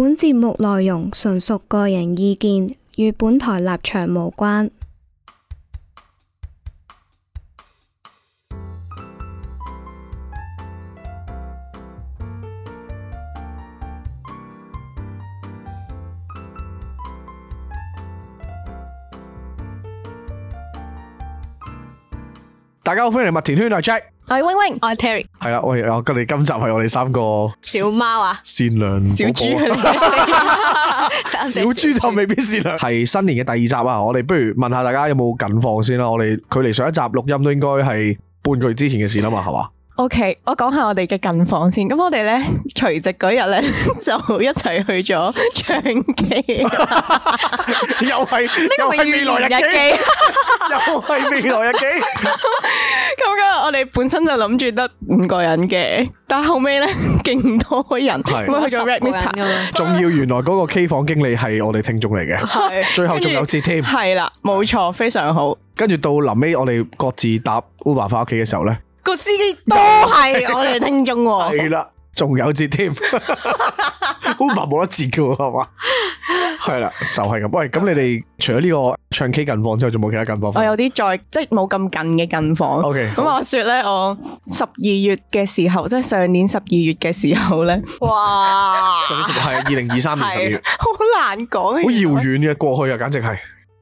本節目內容純屬個人意見，與本台立場無關。大家好，歡迎嚟到麥田圈，我係，Jack。我係 Wing Wing，我係 Terri。係啦，我我今你今集係我哋三個小貓啊，善良寶寶小豬， 小豬就未必善良。係 新年嘅第二集啊，我哋不如問下大家有冇近況先啦。我哋距離上一集錄音都應該係半個月之前嘅事啦嘛，係嘛、嗯？OK，我講下我哋嘅近況先。咁我哋咧除夕嗰日咧就一齊去咗唱 K，又係呢個未來日記，又係未來日記。咁嘅，我哋本身就諗住得五個人嘅，但係後尾咧勁多人，我去做 Red Mister。仲要原來嗰個 K 房經理係我哋聽眾嚟嘅，最後仲有折添。係啦，冇錯，非常好。跟住到臨尾我哋各自搭 Uber 翻屋企嘅時候咧。個司機都係我哋嘅聽眾喎。 係啦，仲有字添好 b 冇得字叫係嘛，係啦，就係、是、咁。喂，咁你哋除咗呢個唱 K 近況之外，仲冇其他近況？我有啲在，即係冇咁近嘅近況。OK，咁、嗯、話說咧，我十二月嘅時候，即係上年哇十二月嘅時候咧，哇，上年十二月係啊，二零二三年十二月，好 難講，好遙遠嘅過去啊，簡直係。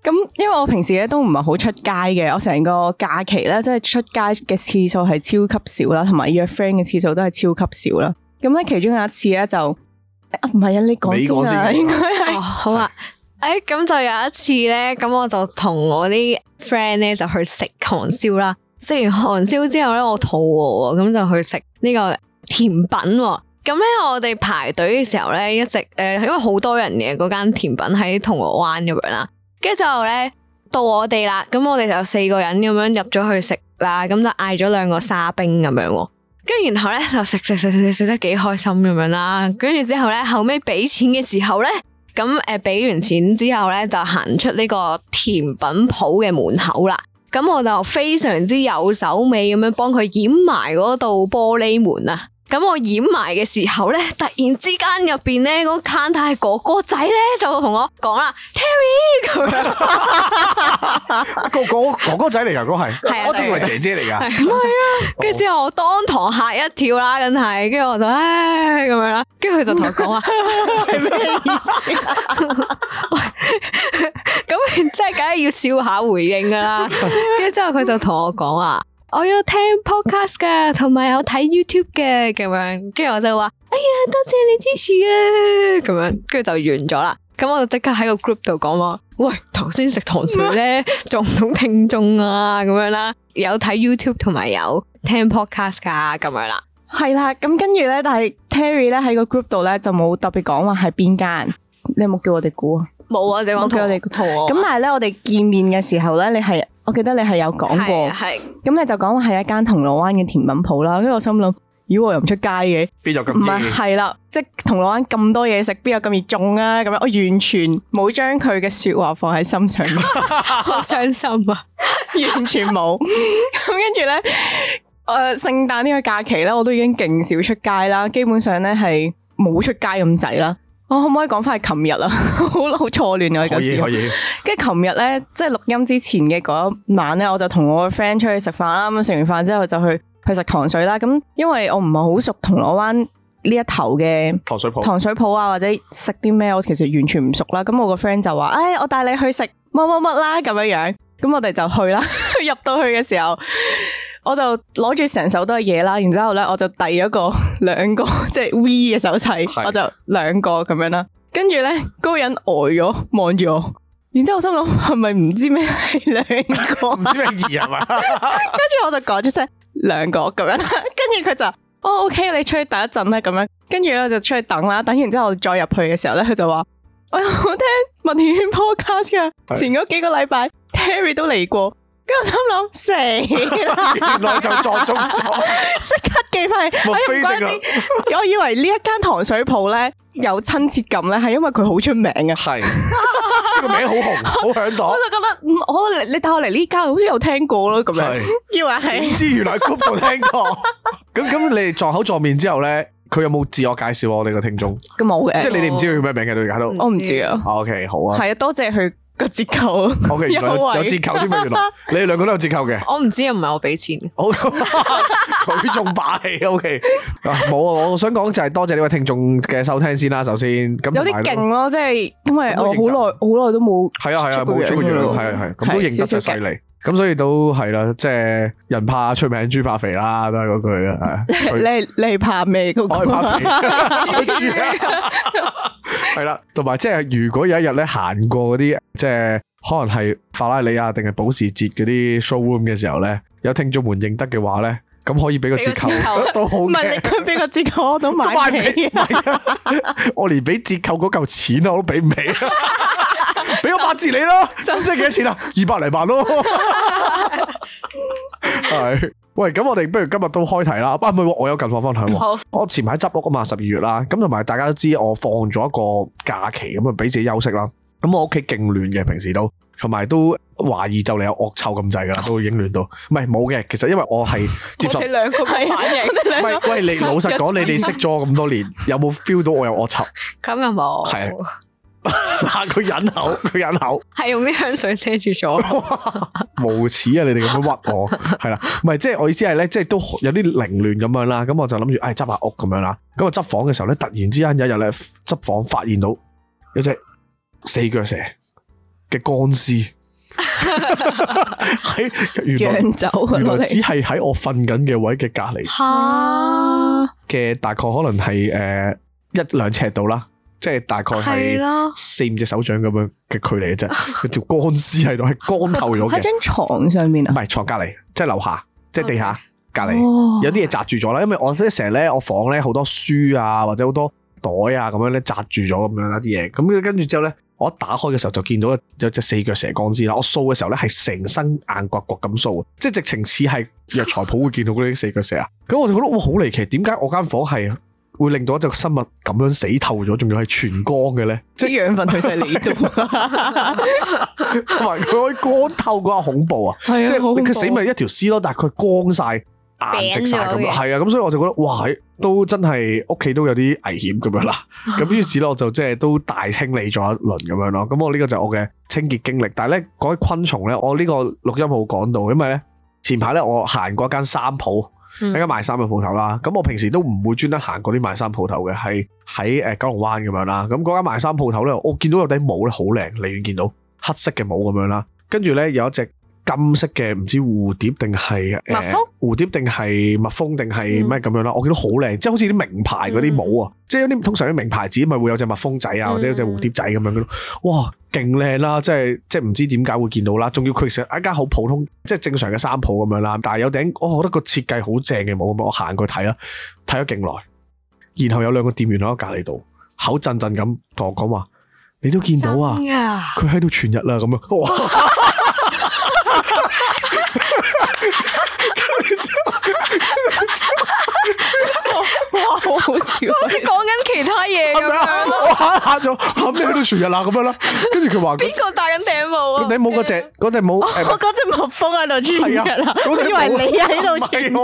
咁，因為我平時咧都唔係好出街嘅，我成個假期咧，即係出街嘅次數係超級少啦，同埋約 friend 嘅次數都係超級少啦。咁咧其中有一次咧，就唔係啊，你講先啊，啊應該係、 哦、好啊。誒、哎，咁就有一次咧，咁我就同我啲 friend 咧就去食韓燒啦。食完韓燒之後咧，我肚餓喎，咁就去食呢個甜品喎。咁咧我哋排隊嘅時候咧，一直誒、呃，因為好多人嘅嗰間甜品喺銅鑼灣咁樣啦。跟住就呢到我哋啦，咁我哋就四個人咁樣入咗去食啦，咁就嗌咗兩個沙冰咁樣，跟住然後呢，就食食食食食食得幾開心咁樣啦，跟住之後呢，後尾俾錢嘅時候呢，咁，誒，俾完錢之後呢，就行出呢個甜品鋪嘅門口啦，咁我就非常之有手尾咁樣幫佢掩埋嗰道玻璃門啊。咁我掩埋嘅時候咧，突然之間入邊咧，嗰個攤大哥哥仔咧就同我講啦，Terri 佢哥哥哥哥仔嚟噶、啊，哥係，對我仲以為姐姐嚟噶，唔係啊。跟住之後我當堂嚇一跳啦，梗係，跟住我就唉咁樣啦。跟住佢就同我講話，係咩 意思啊？咁即係梗係要笑下回應噶啦。跟住之後佢就同我講話。我有聽 podcast 嘅，同埋有睇 YouTube 嘅咁樣，跟住我就話：哎呀，多謝你支持啊！咁樣，跟住就完咗啦。咁我就即刻喺個 group 度講話：喂，頭先食糖水咧，眾多聽眾啊，咁樣啦，有睇 YouTube 同埋有，有聽 podcast 噶，咁樣啦。係啦，咁跟住咧，但係 Terri 咧喺個 group 度咧就冇特別講話係邊間，你有冇叫我哋估啊？冇啊，你講俾我哋估啊。咁但係咧，我哋見面嘅時候咧，你係。我記得你係有講過，咁你就講話係一間銅鑼灣嘅甜品鋪啦,跟住我心諗，咦、呃、我又唔出街嘅，邊有咁唔係，係啦，即係銅鑼灣咁多嘢食，邊有咁易中啊？咁樣我完全冇將佢嘅說話放喺心上面，好傷心啊！完全冇。咁跟住咧，誒、呃，聖誕呢個假期咧，我都已經勁少出街啦，基本上咧係冇出街咁滯啦。我可唔可以講翻係琴日啊？好好錯亂啊呢件事。可以可以。跟住琴日呢，即係、就是、錄音之前嘅嗰一晚呢，我就同我個 friend 出去食飯啦。咁食完飯之後就去去食糖水啦。咁因為我唔係好熟銅鑼灣呢一頭嘅糖水鋪、糖水鋪啊，或者食啲咩，我其實完全唔熟啦。咁我個 friend 就話：，誒、哎，我帶你去食乜乜乜啦，咁樣樣。咁我哋就去啦。 入到去嘅時候。 我就攞住成手都係嘢啦，然之後我就遞咗個兩個即係 V 嘅手勢，我就兩個咁樣啦。跟住呢，嗰個人呆咗望住我，然之後我心諗係咪唔知咩係兩個唔 知咩二係跟住我就講咗聲兩個咁樣，跟住佢就哦、oh, OK，你出去等一陣咧咁樣，跟住我就出去等啦。等完之後我再入去嘅時候咧，佢就話我又好聽文天圈 podcast 前嗰幾個禮拜 Terri 都嚟過。跟住心諗死，原來就撞中咗，即刻寄翻去。我以為呢一間糖水鋪咧有親切感咧，係因為佢好出名啊，係即係個名好紅，好響檔。我就覺得，我你帶我嚟呢間，好似有聽過咯，咁樣以為係唔知，原來喺 Google 度聽過。咁咁，你撞口撞面之後咧，佢有冇自我介紹我哋個聽眾？咁冇嘅，即係你哋唔知佢叫咩名嘅到而家都，我唔知啊。OK，好啊，係啊，多謝佢。個折扣，有位有折扣啲咩？原來你哋兩個都有折扣嘅。我唔知，唔係我俾錢。好，佢仲霸氣。OK，冇啊！我想講就係多謝呢位聽眾嘅收聽先啦。首先，咁有啲勁咯，即係因為我好耐好耐都冇係啊係啊冇出過嘢咯，係啊係，咁都認得晒犀利。咁所以都係啦，即係人怕出名，豬怕肥啦，都係嗰句啊。你是以你怕咩嗰個？我係怕肥。係啦， 同埋即係如果有一日你行過嗰啲即係可能係法拉利啊，定係保時捷嗰啲 showroom 嘅時候呢，有聽眾們認得嘅話呢。咁可以俾個折扣都 也好，唔係佢俾個折扣我買 都買唔起啊！ 我連俾折扣嗰嚿錢我都俾唔起，俾個八字你啦，咁 即係幾多錢啊？二百嚟萬咯， 係喂，咁我哋不如今日都開題啦，啊唔係，我有近況分享喎、啊，好我前排執屋啊嘛，十二月啦，咁同埋大家都知我放咗一個假期，咁啊俾自己休息啦，咁我屋企勁亂嘅，平時都。同埋都懷疑就嚟有惡臭咁滯噶啦，都會影亂到，唔係冇嘅。其實因為我係接受你兩個嘅反應，唔係 不喂，你是老實講，你哋識咗我咁多年，有冇 feel 到我有惡臭？咁又冇係啊？嗱是的，佢 忍口，佢忍口，係用啲香水遮住咗。無恥啊！你哋咁樣屈我，係啦， 唔係即係我意思係咧，即係都有啲凌亂咁樣啦。咁我就諗住，唉、哎，執下屋咁樣啦。咁我執房嘅時候咧，突然之間有一日咧，執房發現到有隻四腳蛇。嘅鋼絲喺原來，原來只係喺我瞓緊嘅位嘅隔籬嘅，大概可能係誒一兩尺度啦，即係大概係四五隻手掌咁樣嘅距離嘅啫。佢條鋼絲喺度，係乾透咗。喺張床上面啊，唔係床隔籬，即係樓下，即係地下隔籬，有啲嘢扎住咗啦。因為我咧成日咧，我房咧好多書啊，或者好多袋啊咁樣咧扎住咗咁樣啦啲嘢。咁跟住之後咧。我一打開嘅時候就見到有隻四腳蛇光屍啦，我掃嘅時候咧係成身硬骨骨咁掃，即係直情似係藥材鋪會見到嗰啲四腳蛇啊，咁 我就覺得哇好離奇，點解我間房係會令到一隻生物咁樣死透咗，仲要係全光嘅咧？即係養分退晒嚟呢度，同埋佢可以乾透嗰下恐怖啊！ 即係佢死咪一條屍咯，但係佢光晒。硬積晒咁咯，係啊了，咁所以我就覺得哇，都真係屋企都有啲危險咁樣啦。咁於是咧，我就即係都大清理咗一輪咁樣咯。咁我呢個就係我嘅清潔經歷。但係咧嗰啲昆蟲咧，我呢個錄音冇講到，因為咧前排咧我行過一間衫鋪，一間賣衫嘅鋪頭啦。咁、嗯、我平時都唔會專登行過啲賣衫鋪頭嘅，係喺誒九龍灣咁樣啦。咁嗰間賣衫鋪頭咧，我見到有頂帽咧好靚，離遠見到黑色嘅帽咁樣啦。跟住咧有一隻。金色嘅唔知蝴蝶定係、呃、蜜蜂，蝴蝶定係蜜蜂定係咩咁樣啦？嗯、我見到好靚，即係好似啲名牌嗰啲帽啊，嗯、即係啲通常啲名牌子咪會有隻蜜蜂仔啊，嗯、或者有隻蝴蝶仔咁樣嘅咯。哇，勁靚啦！即係即係唔知點解會見到啦，仲要佢成一間好普通，即係正常嘅衫鋪咁樣啦。但係有頂，我覺得個設計好正嘅帽咁，我行過去睇啦，睇咗勁耐。然後有兩個店員喺我隔籬度口震震咁同我講話，你都見到啊？佢喺度全日啦咁樣。 好好笑， 好似講緊其他嘢咁樣咯、 啊。我吓吓咗，吓喺度全日啦咁樣啦。跟住佢話邊個戴緊頂帽啊？頂帽嗰隻、那個，嗰隻、啊、帽，我嗰隻蜜蜂喺度全日啦。我以為你喺度全日，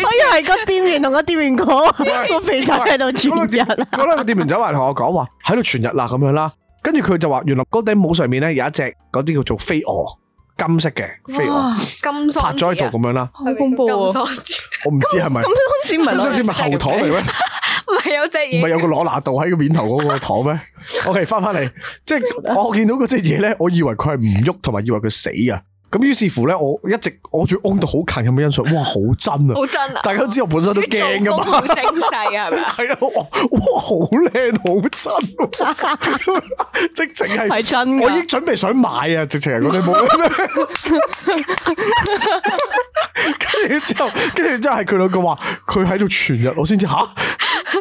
佢又係個店員同個店員講，個 肥仔喺度全日啦。嗰兩 個店員走埋同我講，話喺度全日啦咁樣啦。跟住佢就話，原來嗰頂帽上面咧有一隻嗰啲叫做飛蛾。金色嘅飛蛾，拍咗喺度咁樣啦，好恐怖，我唔知係咪咁，張志文唔知係咪後堂嚟咩？唔係 有隻嘢，唔係有個攞拿度喺個面頭嗰個堂咩 ？OK，返返嚟，即係我見到嗰隻嘢咧，我以為佢係唔喐，同埋以為佢死啊！咁於是乎咧，我一直我住屋度好近咁嘅欣賞，哇，好真，真啊！好真啊！大家都知我本身都驚噶嘛？好精細啊，係咪啊？係啊， 哇，好靚，好真，直情係真。我已經準備想買啊，直情我哋冇。跟住之後，跟住之後係佢兩個話，佢喺度全日，我先知吓、啊，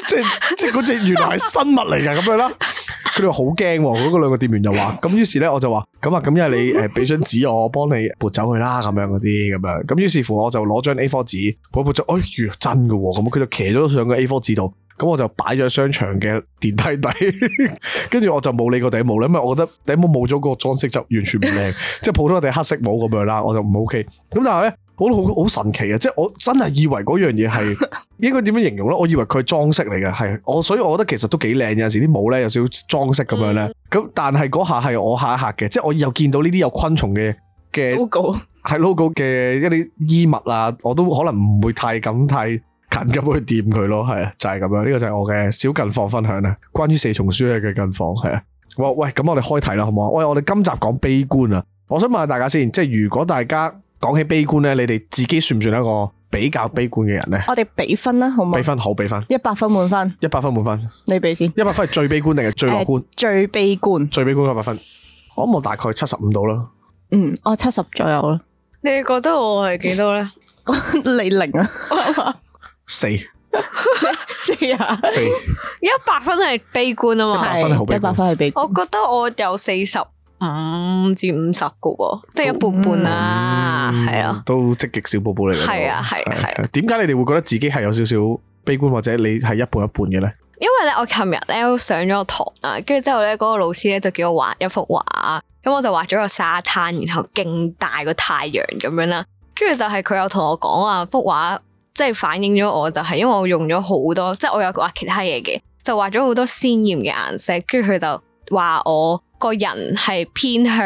即係即係嗰隻原來係生物嚟噶，咁樣啦。佢話好驚，嗰個兩個店員就話，咁於是咧我就話，咁啊咁，因為你誒俾張紙我，幫你撥走佢啦，咁樣嗰啲，咁樣，咁於是乎我就攞張 A4 紙，我撥就：「哎呀真噶，咁佢就騎咗上個 A4 紙度，咁我就擺咗喺商場嘅電梯底，跟 住我就冇理個頂帽啦，因為我覺得頂帽冇咗個裝飾就完全唔靚， 即係普通我哋黑色帽咁樣啦，我就唔 OK，咁但係咧。我都好好神奇啊，即係我真係以為嗰樣嘢係應該點樣形容咧？我以為佢係裝飾嚟嘅，係我，所以我覺得其實都幾靚。有陣時啲帽咧有少少裝飾咁樣咧，咁、嗯、但係嗰下係我下一下嘅，即係我又見到呢啲有昆蟲嘅嘅 logo，係 logo 嘅一啲衣物啊，我都可能唔會太敢太近咁去掂佢咯，係就係、是、咁樣。呢、這個就係我嘅小近況分享啦、啊。關於四重書嘅近況係，啊，喂咁我哋開題啦，好唔好喂？我哋今集講悲觀啊，我想問下大家先，即係如果大家。講起悲觀咧，你哋自己算唔算一個比較悲觀嘅人咧？我哋比分啦，好唔好？比分好，比分一百分滿分，一百分滿分。你比先，一百分係最悲觀定係最樂觀？最悲觀，最悲觀一百分。我諗我大概七十五度啦。嗯，我七十左右啦。你覺得我係幾多咧？我，你零啊？四四啊？四一百分係悲觀啊嘛？一百分好，一百分係悲觀。我覺得我有四十。五、嗯、至五十個，即係一半半啦，係啊，都積極小寶寶嚟嘅。係啊，係啊，係啊。點解、啊、你哋會覺得自己係有少少悲觀，或者你係一半一半嘅咧？因為咧，我琴日咧上咗個堂啊，跟住之後咧，嗰個老師咧就叫我畫一幅畫，咁我就畫咗個沙灘，然後勁大個太陽咁樣啦。跟住就係佢有同我講啊，幅畫即係反映咗我，就係、是、因為我用咗好多，即、就、係、是、我有畫其他嘢嘅，就畫咗好多鮮艷嘅顏色。跟住佢就話我。個人係偏向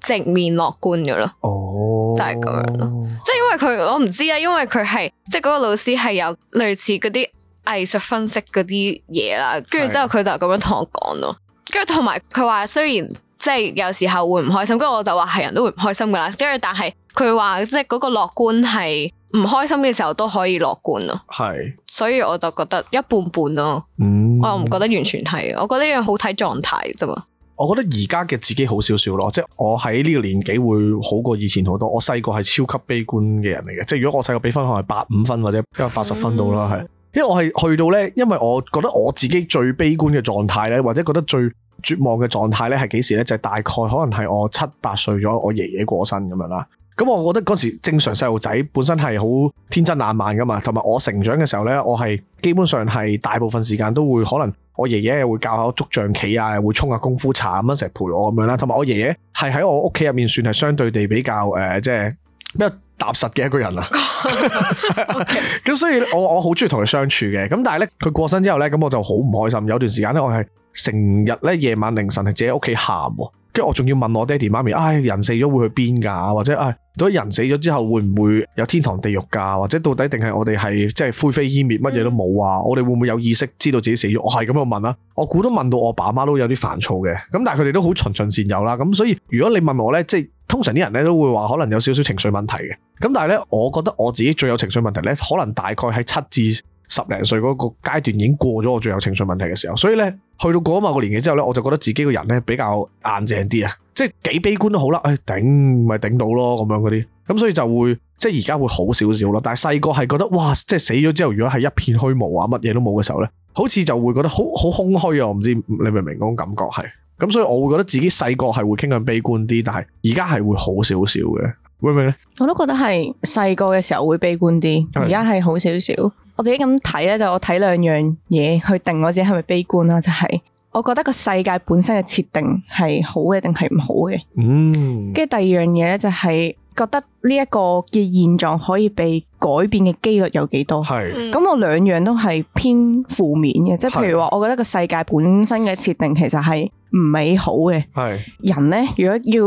正面樂觀嘅咯，oh，就係咁樣咯。即係因為佢，我唔知啊。因為佢係即係嗰個老師係有類似嗰啲藝術分析嗰啲嘢啦，跟住之後佢就咁樣同我講咯。跟住同埋佢話，雖然即係、就是、有時候會唔開心，跟住我就話係人都會唔開心噶啦。跟住但係佢話，即係嗰個樂觀係唔開心嘅時候都可以樂觀咯。係，係。所以我就覺得一半半咯。Mm. 我又唔覺得完全係，我覺得樣好睇狀態啫嘛。我覺得而家嘅自己好少少咯，即係我喺呢個年紀會好過以前好多。我細個係超級悲觀嘅人嚟嘅，即係如果我細個比分可能係八五分或者八十分到啦，係、嗯。因為我係去到呢，因為我覺得我自己最悲觀嘅狀態呢，或者覺得最絕望嘅狀態呢，係幾時呢？就係、大概可能係我七八歲咗，我爺爺過身咁樣啦。咁我覺得嗰時正常細路仔本身係好天真爛漫噶嘛，同埋我成長嘅時候呢，我係基本上係大部分時間都會可能我爺爺會教下我捉象棋啊，會沖下功夫茶咁樣成日陪我咁樣啦，同埋我爺爺係喺我屋企入面算係相對地比較誒即係比較踏實嘅一個人啦。咁 Okay. 所以我我好中意同佢相處嘅，咁但係呢，佢過身之後呢，咁我就好唔開心。有段時間呢，我係成日呢，夜晚凌晨係自己喺屋企喊喎。跟住我仲要問我爹哋媽咪，唉、哎，人死咗會去邊噶？或者啊，咁、哎、到底人死咗之後會唔會有天堂地獄噶？或者到底定係我哋係即係灰飛煙滅，乜嘢都冇啊？我哋會唔會有意識知道自己死咗？我係咁樣問啦，我估都問到我爸媽都有啲煩躁嘅。咁但係佢哋都好循循善誘啦。咁所以如果你問我呢，即係通常啲人呢都會話可能有少少情緒問題嘅。咁但係呢，我覺得我自己最有情緒問題呢，可能大概係七至。十零歲嗰個階段已經過咗，我最有情緒問題嘅時候。所以呢，去到過咗某個年紀之後呢，我就覺得自己個人呢比較硬淨啲啊，即係幾悲觀都好啦。誒、哎，頂咪頂到咯，咁樣嗰啲。咁所以就會即係而家會好少少啦。但係細個係覺得哇，即係死咗之後如果係一片虛無啊，乜嘢都冇嘅時候呢，好似就會覺得好好空虛啊。我唔知你明唔明嗰種感覺係。咁所以我會覺得自己細個係會傾向悲觀啲，但係而家係會好少少嘅，會唔會呢？我都覺得係細個嘅時候會悲觀啲，而家係好少少。我自己咁睇咧，就是、我睇兩樣嘢去定我自己係咪悲觀啦，就係、是、我覺得個世界本身嘅設定係好嘅定係唔好嘅。嗯。跟住第二樣嘢咧，就係覺得呢一個嘅現狀可以被改變嘅幾率有幾多？係是。咁、嗯、我兩樣都係偏負面嘅，即係是譬如話，我覺得個世界本身嘅設定其實係唔美好嘅。係是。人咧，如果要，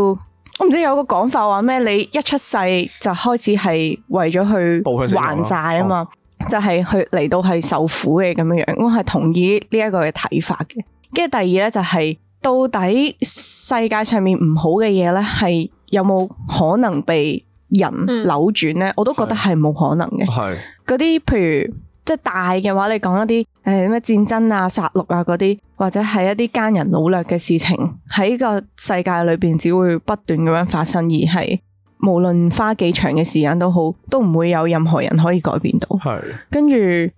我唔知有個講法話咩？你一出世就開始係為咗去還債啊嘛。就係去嚟到係受苦嘅咁樣樣，我係同意呢一個嘅睇法嘅。跟住第二咧，就係、是、到底世界上面唔好嘅嘢咧，係有冇可能被人扭轉咧？嗯、我都覺得係冇可能嘅。係嗰啲，譬如即係大嘅話，你講一啲誒咩戰爭啊、殺戮啊嗰啲，或者係一啲奸人擄掠嘅事情，喺個世界裏邊只會不斷咁樣發生，而係。無論花幾長嘅時間都好，都唔會有任何人可以改變到。係。跟住，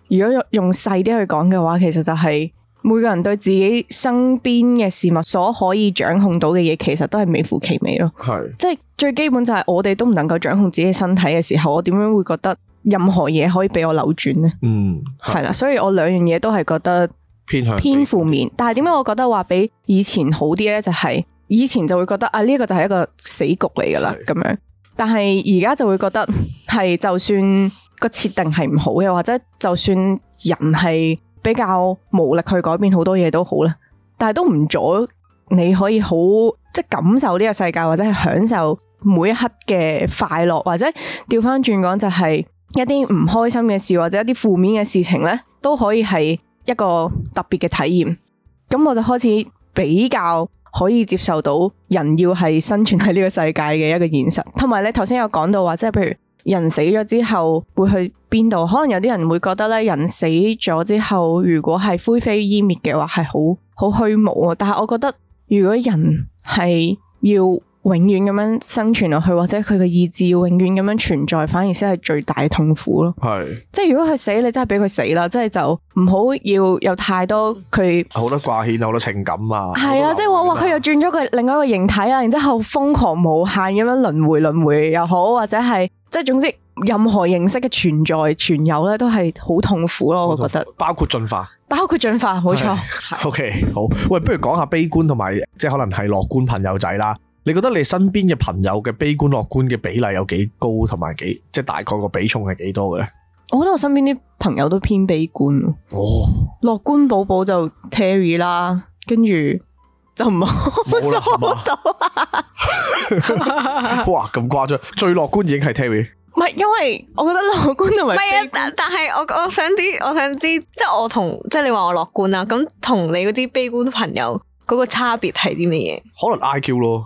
如果用細啲去講嘅話，其實就係每個人對自己身邊嘅事物所可以掌控到嘅嘢，其實都係微乎其微咯。係。即係最基本就係我哋都唔能夠掌控自己身體嘅時候，我點樣會覺得任何嘢可以俾我扭轉呢？嗯，係啦。所以我兩樣嘢都係覺得偏向負面。但係點解我覺得話比以前好啲呢？就係。以前就會覺得啊，呢一個就係一個死局嚟噶啦咁樣，但係而家就會覺得係，就算個設定係唔好嘅，或者就算人係比較無力去改變好多嘢都好啦，但係都唔阻你可以好，即係感受呢個世界，或者係享受每一刻嘅快樂，或者掉返轉講就係一啲唔開心嘅事，或者一啲負面嘅事情呢，都可以係一個特別嘅體驗。咁我就開始比較。可以接受到人要係生存喺呢個世界嘅一個現實，同埋你頭先有講到話，即係譬如人死咗之後會去邊度，可能有啲人會覺得咧，人死咗之後如果係灰飛煙滅嘅話，係好好虛無啊。但係我覺得如果人係要。永遠咁樣生存落去，或者佢嘅意志要永遠咁樣存在，反而先係最大痛苦咯。係，是的 即係如果佢死，你真係俾佢死啦，即係就唔好要有太多佢好多掛牽，好多情感啊。係啊的，即係我話佢又轉咗佢另外一個形體啦，然之後瘋狂無限咁樣輪迴輪迴又好，或者係即係總之任何形式嘅存在存有咧，都係好痛苦咯。苦我覺得包括進化，包括進化冇錯。OK，好，喂，不如講下悲觀同埋即係可能係樂觀朋友仔啦。你覺得你身邊嘅朋友嘅悲觀樂觀嘅比例有幾高，同埋幾即係大概個比重係幾多嘅咧？我覺得我身邊啲朋友都偏悲觀哦，樂觀寶寶就 Terry 啦，跟住就唔係好數到。哇嗎，咁誇張！最樂觀已經係 Terry。唔係，因為我覺得樂觀同埋，唔係啊。但係我我想知，我想知，我想知，即係我同即係你話我樂觀啦。咁同你嗰啲悲觀朋友。嗰個差別係啲咩嘢？可能 IQ 咯。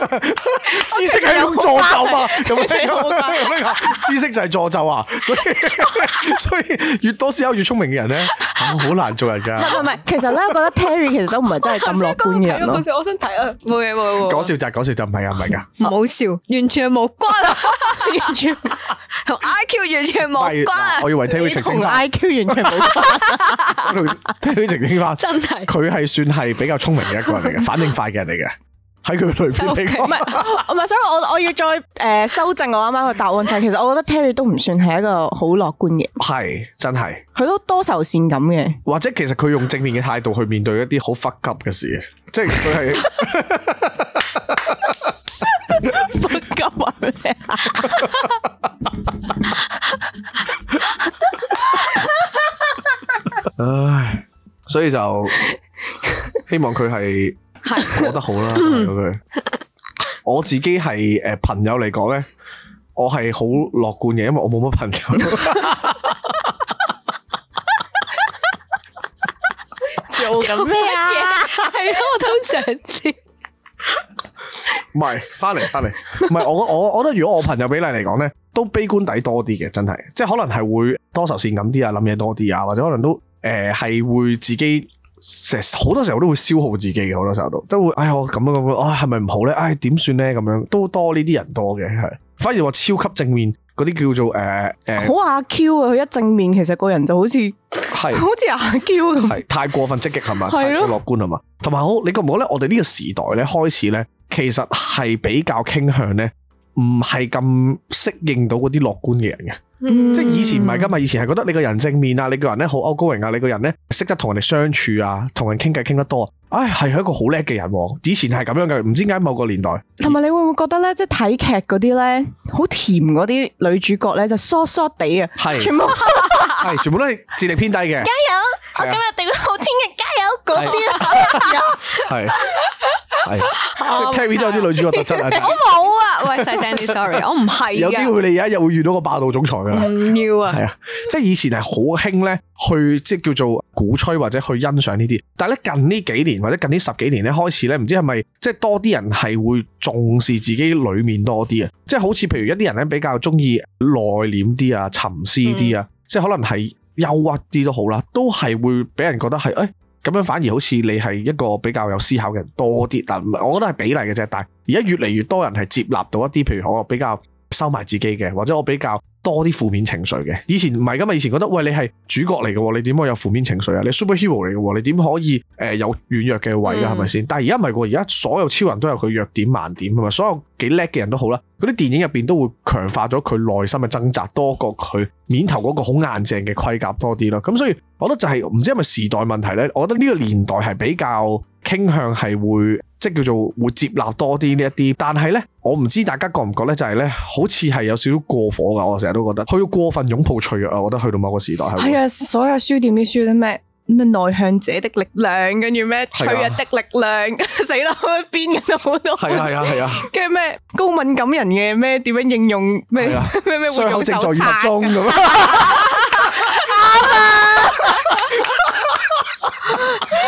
知識係用助咒嘛？有冇聽過， 知識就係助咒啊！所以， 所以，越多時候越聰明嘅人咧，好、 啊、難做人噶。唔係唔係，其實咧，我覺得 Terri 其實都唔係真係咁樂觀嘅咯。我想睇啊，冇嘢冇嘢冇。講笑就係、是、講笑就唔係啊，唔係噶。唔好笑，完全冇無關， 完全同 I Q 完全冇關。我以為 Terri 澄清下，I Q 完全冇關。Terri 澄清下， 真係佢係算係比較聰明嘅一個人嚟嘅， 反應快嘅人嚟嘅。喺佢裏邊，唔係唔係，所以我我要再誒修正我啱啱嘅答案就係，其實我覺得 Terry 都唔算係一個好樂觀嘅，係真係，佢都多愁善感嘅，或者其實佢用正面嘅態度去面對一啲好 fuck 急嘅事，即係佢係 fuck 急啊，唉，所以就希望佢係。講 得好啦，嗰句。我自己係誒朋友嚟講咧，我係好樂觀嘅，因為我冇乜朋友。做緊咩啊？係我通常知。唔係，翻嚟翻嚟，唔係我我我覺得如果我朋友比例嚟講咧，都悲觀底多啲嘅，真係，即係可能係會多愁善感啲啊，諗嘢多啲啊，或者可能都誒係、呃、會自己。成好多時候都會消耗自己嘅，好多時候都都會，哎呀，咁樣咁樣，哎，係咪唔好咧？哎，點算咧？咁樣都多呢啲人多嘅，係反而話超級正面嗰啲叫做誒誒，好、呃呃、阿 Q 啊！佢一正面，其實個人就好似係是好似阿 Q 咁、啊， 太過分積極係嘛，太過樂觀啊嘛，同埋我，你覺唔覺得我哋呢個時代咧開始咧，其實係比較傾向咧。唔係咁適應到嗰啲樂觀嘅人嘅，嗯、即係以前唔係噶嘛，以前係覺得你個人正面啊，你個人咧好 outgoing 啊，你個人咧識得同人哋相處啊，同人傾偈傾得多，唉，係一個好叻嘅人。以前係咁樣嘅，唔知點解某個年代。同埋你會唔會覺得咧，即係睇劇嗰啲咧，好甜嗰啲女主角咧就疏疏地，啊係是，全部係， 全部都係智力偏低嘅油油。加油，我今日定好天嘅。嗰啲啊，係係即係 carry 都有啲女主角特質啊！ 我冇啊，喂，細聲啲，sorry，我唔係、啊、有機會你有一日又會遇到個霸道總裁噶啦，唔要啊，係啊，即係以前係好興咧，去即係叫做鼓吹或者去欣賞呢啲，但係咧近呢幾年或者近呢十幾年咧開始咧，唔知係咪即係多啲人係會重視自己裏面多啲啊，即係好似譬如一啲人咧比較中意內斂啲啊、沉思啲啊，嗯、即係可能係憂鬱啲都好啦，都係會俾人覺得係誒。哎咁樣反而好似你係一個比較有思考嘅人多啲，但我覺得係比例嘅啫。但係而家越嚟越多人係接納到一啲，譬如我比較收埋自己嘅，或者我比較。多啲負面情緒嘅，以前唔係噶嘛，以前覺得喂，你係主角嚟嘅，你點可以有負面情緒啊？你 Superhero 嚟嘅，你點可以誒、呃、有軟弱嘅位噶係咪先？嗯、但係而家唔係喎，而家所有超人都有佢弱點、慢點，係咪？所有幾叻嘅人都好啦，嗰啲電影入邊都會強化咗佢內心嘅掙扎多過佢面頭嗰個好硬淨嘅盔甲多啲咯。咁所以我覺得就係、是、唔知係咪時代問題呢。我覺得呢個年代係比較傾向係會。即係叫做會接納多啲呢一啲，但係咧，我唔知大家覺唔覺咧，就係咧，好似係有少少過火㗎。我成日都覺得去到過分擁抱脆弱啊，我覺得去到某個時代係。係啊，所有書店啲書啲咩咩內向者的力量，跟住咩脆弱的力量，死咯，邊個都好多。係啊係啊係啊，跟住咩高敏感人嘅咩點樣應用咩咩咩傷口症狀與集中咁啊！係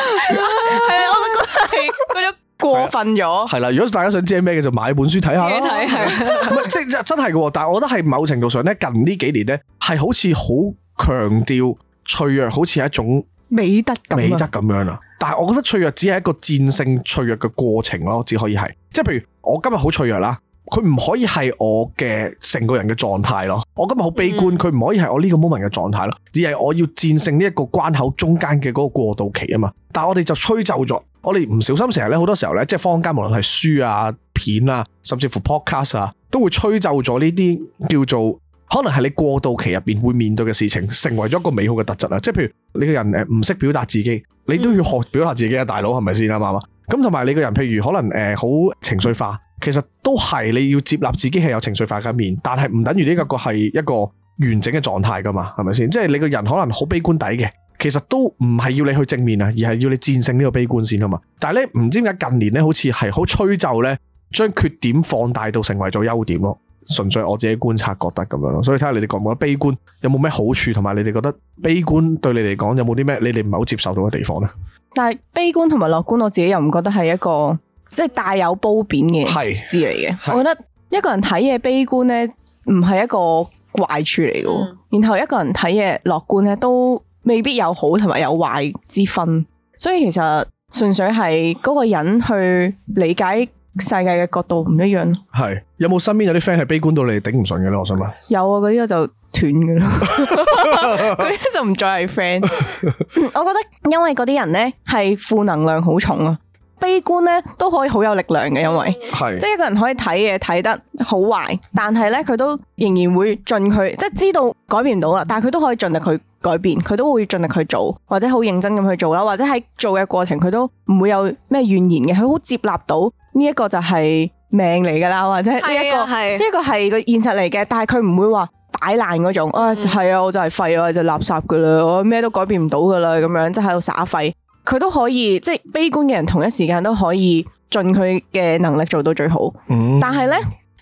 啊，我都覺得係嗰種。過分咗，係啦！如果大家想知係咩嘅，就買本書睇下。自己睇係， 即係真係嘅。但係我覺得係某程度上咧，近呢幾年咧，係好似好強調脆弱，好似係一種美德咁樣，美德咁樣啊。但係我覺得脆弱只係一個戰勝脆弱嘅過程咯，只可以係。即係譬如我今日好脆弱啦，佢唔可以係我嘅成個人嘅狀態咯。我今日好悲觀，佢唔、嗯、可以係我呢個 moment 嘅狀態咯，只係我要戰勝呢一個關口中間嘅嗰個過渡期啊嘛。但係我哋就吹奏咗。我哋唔小心成日咧，好多時候咧，即係坊間無論係書啊、片啊，甚至乎 podcast 啊，都會吹奏咗呢啲叫做可能係你過渡期入邊會面對嘅事情，成為咗一個美好嘅特質啊！即係譬如你個人誒唔識表達自己，你都要學表達自己啊，大佬係咪先啊嘛？咁同埋你個人譬如可能誒好情緒化，其實都係你要接納自己係有情緒化嘅一面，但係唔等於呢個個係一個完整嘅狀態㗎嘛？係咪先？即係你個人可能好悲觀底嘅。其實都唔係要你去正面啊，而係要你戰勝呢個悲觀先啊嘛。但係咧，唔知點解近年咧，好似係好吹奏咧，將缺點放大到成為咗優點咯。純粹我自己觀察覺得咁樣咯。所以睇下你哋覺得悲觀有冇咩好處，同埋你哋覺得悲觀對你嚟講有冇啲咩？你哋唔係好接受到嘅地方咧。但係悲觀同埋樂觀，我自己又唔覺得係一個即係帶有褒貶嘅係字嚟嘅。我覺得一個人睇嘢悲觀咧，唔係一個壞處嚟嘅。然後一個人睇嘢樂觀咧，都。未必有好同埋有壞之分，所以其實純粹係嗰個人去理解世界嘅角度唔一樣。係有冇身邊有啲 friend 係悲觀到你頂唔順嘅咧？我想問。有啊，嗰啲就斷噶啦，嗰 啲 就唔再係 friend。 我覺得因為嗰啲人咧係負能量好重啊。悲觀咧都可以好有力量嘅，因為即係一個人可以睇嘢睇得好壞，但係咧佢都仍然會盡佢，即係知道改變唔到啦，但係佢都可以盡力去改變，佢都會盡力去做，或者好認真咁去做啦，或者喺做嘅過程佢都唔會有咩怨言嘅，佢好接納到呢一、這個就係命嚟噶啦，或者呢一、啊這個呢一個係個現實嚟嘅，但係佢唔會話擺爛嗰種，啊係、嗯哎、啊，我就係廢啊，我就垃圾噶啦，我咩都改變唔到噶啦，咁樣即係喺度耍廢。佢都可以，即係悲觀嘅人，同一時間都可以盡佢嘅能力做到最好。嗯、但係咧，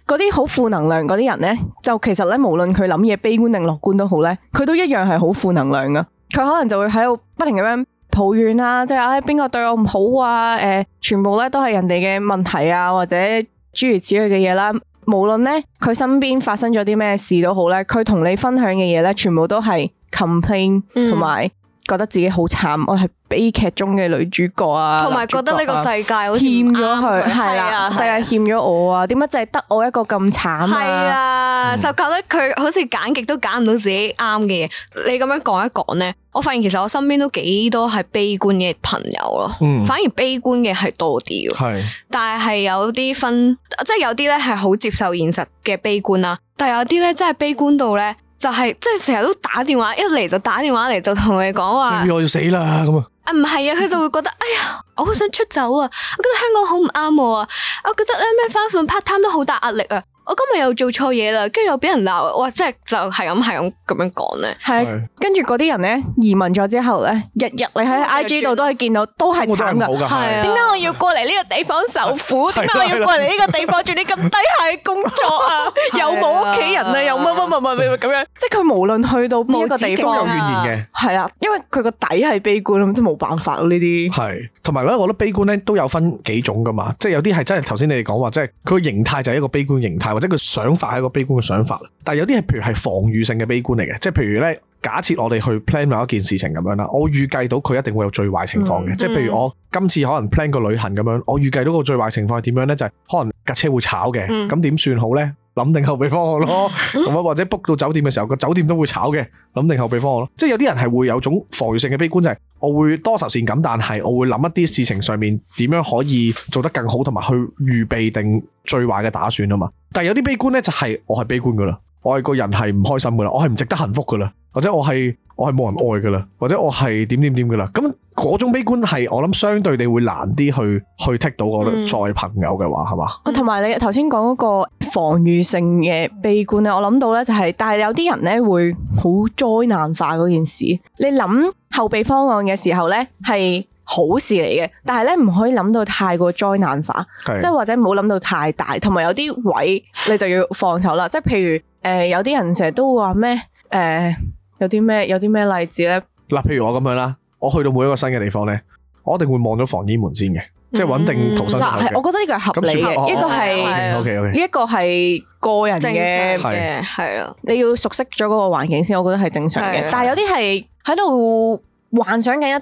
嗰啲好負能量嗰啲人咧，就其實咧，無論佢諗嘢悲觀定樂觀都好咧，佢都一樣係好負能量噶。佢可能就會喺度不停咁樣抱怨啊，即係唉邊個對我唔好啊，誒、呃，全部咧都係人哋嘅問題啊，或者諸如此類嘅嘢啦。無論咧佢身邊發生咗啲咩事都好咧，佢同你分享嘅嘢咧，全部都係 complain 同埋、嗯。覺得自己好慘，我係悲劇中嘅女主角啊，同埋有、啊、覺得呢個世界好似欠咗佢，係啦、啊，啊、世界欠咗我啊，點解就係得我一個咁慘啊？係啦、啊，嗯、就覺得佢好似揀極都揀唔到自己啱嘅嘢。你咁樣講一講呢，我發現其實我身邊都幾多係悲觀嘅朋友咯，嗯、反而悲觀嘅係多啲係，是的 但係有啲分，即係有啲咧係好接受現實嘅悲觀啦，但係有啲咧真係悲觀到咧。就係、是、即係成日都打電話，一嚟就打電話嚟就同你講話，我要死啦咁啊！啊唔係啊，佢就會覺得，哎呀，我好想出走啊！我覺得香港好唔啱我啊！我覺得咧咩翻份 part time 都好大壓力啊！我今日又做錯嘢啦，跟住又俾人鬧，哇！即係就係咁，係咁咁樣講咧。係，跟住嗰啲人咧移民咗之後咧，日日你喺 IG 度都係見到都係慘嘅。係啊，點解我要過嚟呢個地方受苦？點解、啊啊、我要過嚟呢個地方做啲咁低下嘅工作啊？又冇屋企人啊，又乜乜乜乜咁樣。即係佢無論去到邊個地方，有怨言嘅。係啊，啊，因為佢個底係悲觀咁，即係冇辦法呢啲係同埋咧，啊、我覺得悲觀咧都有分幾種噶嘛。即係有啲係真係頭先你哋講話，即係佢個形態就係一個悲觀形態。即係佢想法係一個悲觀嘅想法，但有啲係譬如係防御性嘅悲觀嚟嘅，即譬如呢，假設我哋去 plan 某一件事情咁樣啦，我預計到佢一定會有最壞情況嘅，嗯、即譬如我今次可能 plan 個旅行咁樣，我預計到個最壞情況係點樣呢？就係、是、可能架車會炒嘅，咁點算好呢？諗定後備方案咯，咁 啊，或者 book 到酒店嘅時候，個酒店都會炒嘅，諗定後備方案咯。 即係有啲人係會有種防禦性嘅悲觀，就係我會多愁善感，但係我會諗一啲事情上面點樣可以做得更好，同埋去預備定最壞嘅打算啊嘛。但係有啲悲觀咧，就係我係悲觀噶啦，我係個人係唔開心噶啦，我係唔值得幸福噶啦，或者我係我係冇人愛噶啦，或者我係點點點噶啦，咁。嗰種悲觀係，我諗相對你會難啲去去剔到我再朋友嘅話，係嘛、嗯吧？同埋你頭先講嗰個防御性嘅悲觀啊，我諗到咧就係、是，但係有啲人咧會好災難化嗰件事。你諗後備方案嘅時候咧係好事嚟嘅，但係咧唔可以諗到太過災難化，即係是的 或者唔好諗到太大。同埋有啲位你就要放手啦。即係譬如誒，有啲人成日都會話咩誒，有啲咩有啲咩例子咧？嗱，譬如、呃呃、如我咁樣啦。我去到每一個新嘅地方咧，我一定會望咗防煙門先嘅，即係穩定逃生。嗱，嗯，係我覺得呢個係合理，呢個係，呢個係個人嘅係啦。你要熟悉咗嗰個環境先，我覺得係正常嘅。但係有啲係喺度幻想緊一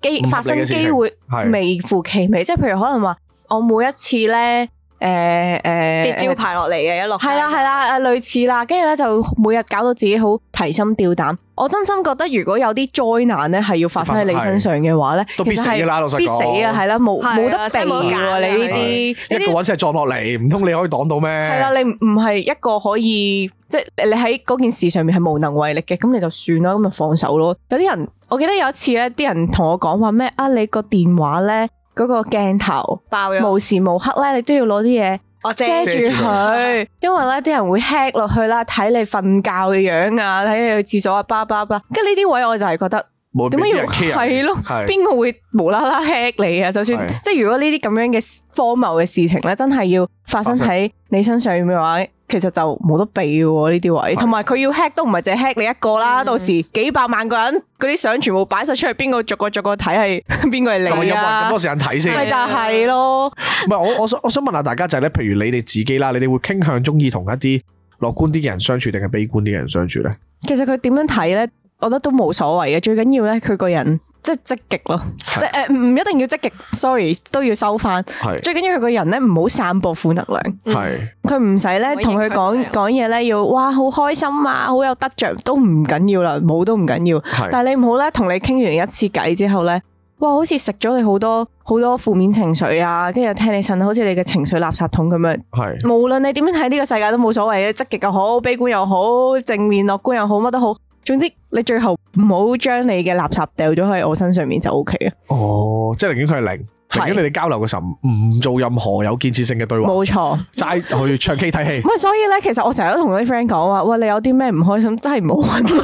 啲機發生機會，微乎其微。即係譬如可能話，我每一次咧。誒誒，跌招牌落嚟嘅一路，係啦係啦，類似啦，跟住咧就每日搞到自己好提心吊膽。我真心覺得如果有啲災難咧係要發生喺你身上嘅話咧，都必死噶啦老實講，必死啊係啦，冇冇得避噶的你呢啲，一個搵先係撞落嚟，唔通你可以擋到咩？係啦，你唔係一個可以即係你喺嗰件事上面係無能為力嘅，咁你就算啦，咁咪放手咯。有啲人，我記得有一次咧，啲人同我講話咩啊，你個電話咧。嗰個鏡頭爆咗了，無時無刻你都要攞啲嘢遮住佢，因為呢啲人會 hack 落去啦，睇你瞓覺嘅樣啊，睇你去廁所啊，叭叭叭，跟住呢啲位我就係覺得。點解要係咯？邊個會無啦啦 hack 你啊？就算即係如果呢啲咁樣嘅荒謬嘅事情咧，真係要發生喺你身上嘅話，其實就冇得避嘅呢啲位。同埋佢要 hack 都唔係淨係 hack 你一個啦，到時幾百萬個人嗰啲相全部擺晒出去，邊個逐個逐個睇係邊個係你啊？咁啊，有咁多時間睇先，咪就係咯。唔係我我想我想問下大家就係咧，譬如你哋自己啦，你哋會傾向中意同一啲樂觀啲嘅人相處，定係悲觀啲嘅人相處咧？其實佢點樣睇咧？我覺得都冇所謂嘅，最緊要咧，佢個人即係積極咯。誒是的，唔、呃、唔一定要積極，sorry，都要收翻。是的 最緊要佢個人咧，唔好散播負能量。係佢唔使咧，同佢講講嘢咧，要哇好開心啊，好有得着都唔緊要啦，冇都唔緊要。是的 但係你唔好咧，同你傾完一次偈之後咧，哇，好似食咗你好多好多負面情緒啊！跟住聽你呻，好似你嘅情緒垃圾桶咁樣。係的的無論你點樣睇呢個世界都冇所謂嘅，積極又好，悲觀又好，正面樂觀又好，乜都好。總之，你最後唔好將你嘅垃圾掉咗喺我身上面就 OK 啦。哦，即係寧願，佢係零。係，你哋交流嘅時候唔做任何有建設性嘅對話。冇錯，齋去唱 K 睇戲。唔係，所以咧，其實我成日都同啲 friend 講話，喂，你有啲咩唔開心，真係唔好搵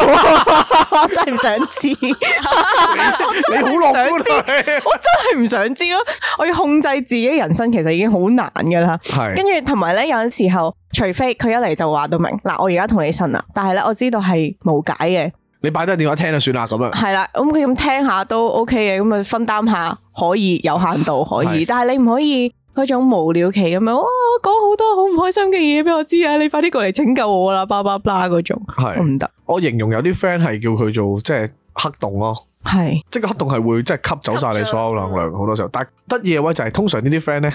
我，真係唔想知。你好樂觀 我想知，我真係唔想知咯。我要控制自己人生，其實已經好難噶啦。係，跟住同埋咧，有啲時候，除非佢一嚟就話到明，嗱，我而家同你呻啦，但係咧，我知道係冇解嘅。你擺低電話聽就算啦，咁樣係啦，咁佢咁聽下都 OK 嘅，咁啊分擔下可以，有限度可以，是但係你唔可以嗰種無聊期咁樣，哇、哦，講好多好唔開心嘅嘢俾我知啊，你快啲過嚟拯救我啦，巴巴巴嗰種，係唔得。我，我形容有啲 friend 係叫佢做即係黑洞咯，係是，即個黑洞係會即係吸走晒你所有能量，好多時候，但得意嘅位就係通常呢啲 friend 咧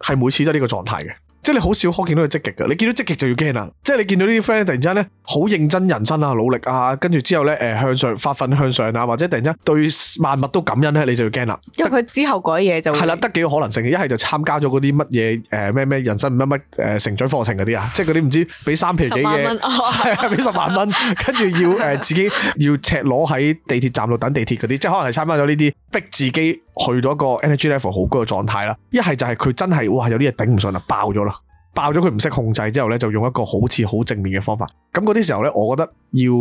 係每次都呢個狀態嘅。即係你好少可見到佢積極㗎，你見到積極就要驚啦。即係你見到呢啲 friend 突然之間咧好認真人生啊、努力啊，跟住之後咧誒、呃、向上發奮向上啊，或者突然間對萬物都感恩咧，你就要驚啦。因為佢之後嗰啲嘢就係啦，得幾個可能性嘅。一係就參加咗嗰啲乜嘢誒咩咩人生乜乜誒成長課程嗰啲啊，即係嗰啲唔知俾三皮幾嘢，係啊俾十萬蚊，跟、哦、住 要誒、呃、自己要赤裸喺地鐵站度等地鐵嗰啲，即係可能係參加咗呢啲逼自己去到一個 energy level 好高嘅狀態啦。一係就係佢真係哇有啲嘢頂唔順啊爆咗啦。爆咗佢唔識控制之後咧，就用一個好似好正面嘅方法。咁嗰啲時候咧，我覺得要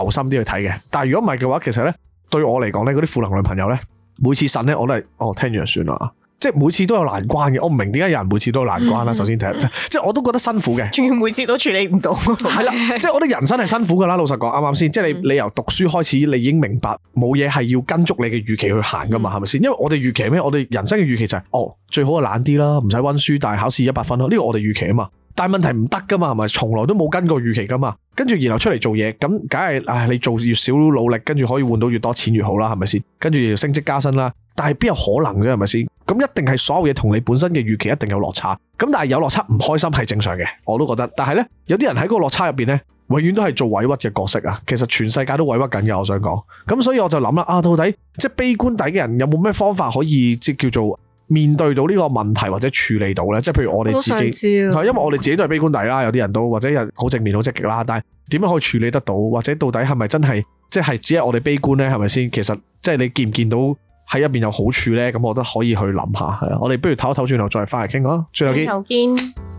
留心啲去睇嘅。但係如果唔係嘅話，其實咧對我嚟講咧，嗰啲負能量朋友咧，每次呻咧我都係哦聽住就算啦。即係每次都有難關嘅，我唔明點解有人每次都有難關啦。首先睇，即係我都覺得辛苦嘅，仲要每次都處理唔到。係 啦，即係我覺得人生係辛苦噶啦。老實講，啱啱先？即係你你由讀書開始，你已經明白冇嘢係要跟足你嘅預期去行噶嘛，係咪先？因為我哋預期咩？我哋人生嘅預期就係，哦，最好就懶啲啦，唔使温書，但係考試一百分咯。呢個我哋預期啊嘛。但係問題唔得噶嘛，係咪？從來都冇跟過預期噶嘛，跟住然後出嚟做嘢，咁梗係，唉，你做越少努力，跟住可以換到越多錢越好啦，係咪先？跟住升職加薪啦，但係邊有可能啫，係咪先？咁一定係所有嘢同你本身嘅預期一定有落差，咁但係有落差唔開心係正常嘅，我都覺得。但係呢，有啲人喺個落差入邊呢，永遠都係做委屈嘅角色啊！其實全世界都委屈緊嘅，我想講。咁所以我就諗啦，啊，到底即係悲觀底嘅人有冇咩方法可以即叫做？面對到呢個問題或者處理到呢，即係譬如我哋自己，因為我哋自己都係悲觀底啦。有啲人都或者人好正面好積極啦，但係點樣可以處理得到？或者到底係咪真係即係只係我哋悲觀呢？係咪先？其實即係你見唔見到喺入面有好處呢？咁我都可以去諗下。係啊，嗯、我哋不如唞一唞轉頭再翻嚟傾啦。最後見。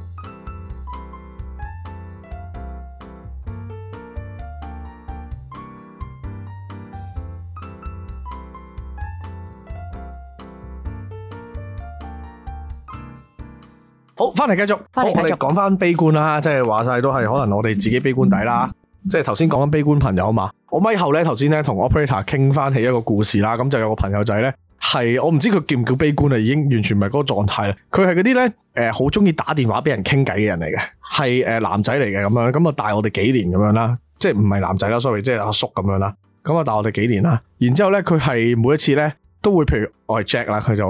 好，翻嚟繼續，好繼續我哋講翻悲觀啦，即係話晒都係可能我哋自己悲觀底啦，即係頭先講緊悲觀朋友嘛。我咪後咧，頭先咧同 operator 傾翻起一個故事啦，咁、嗯、就有個朋友仔咧係我唔知佢叫唔叫悲觀啦，已經完全唔係嗰個狀態啦。佢係嗰啲咧誒，好中意打電話俾人傾偈嘅人嚟嘅，係誒男仔嚟嘅咁樣，咁啊大我哋幾年咁樣啦，即係唔係男仔啦，sorry，即係阿叔咁樣啦，咁啊大我哋幾年啦，然之後咧佢係每一次咧都會，譬如我係 Jack 啦，佢就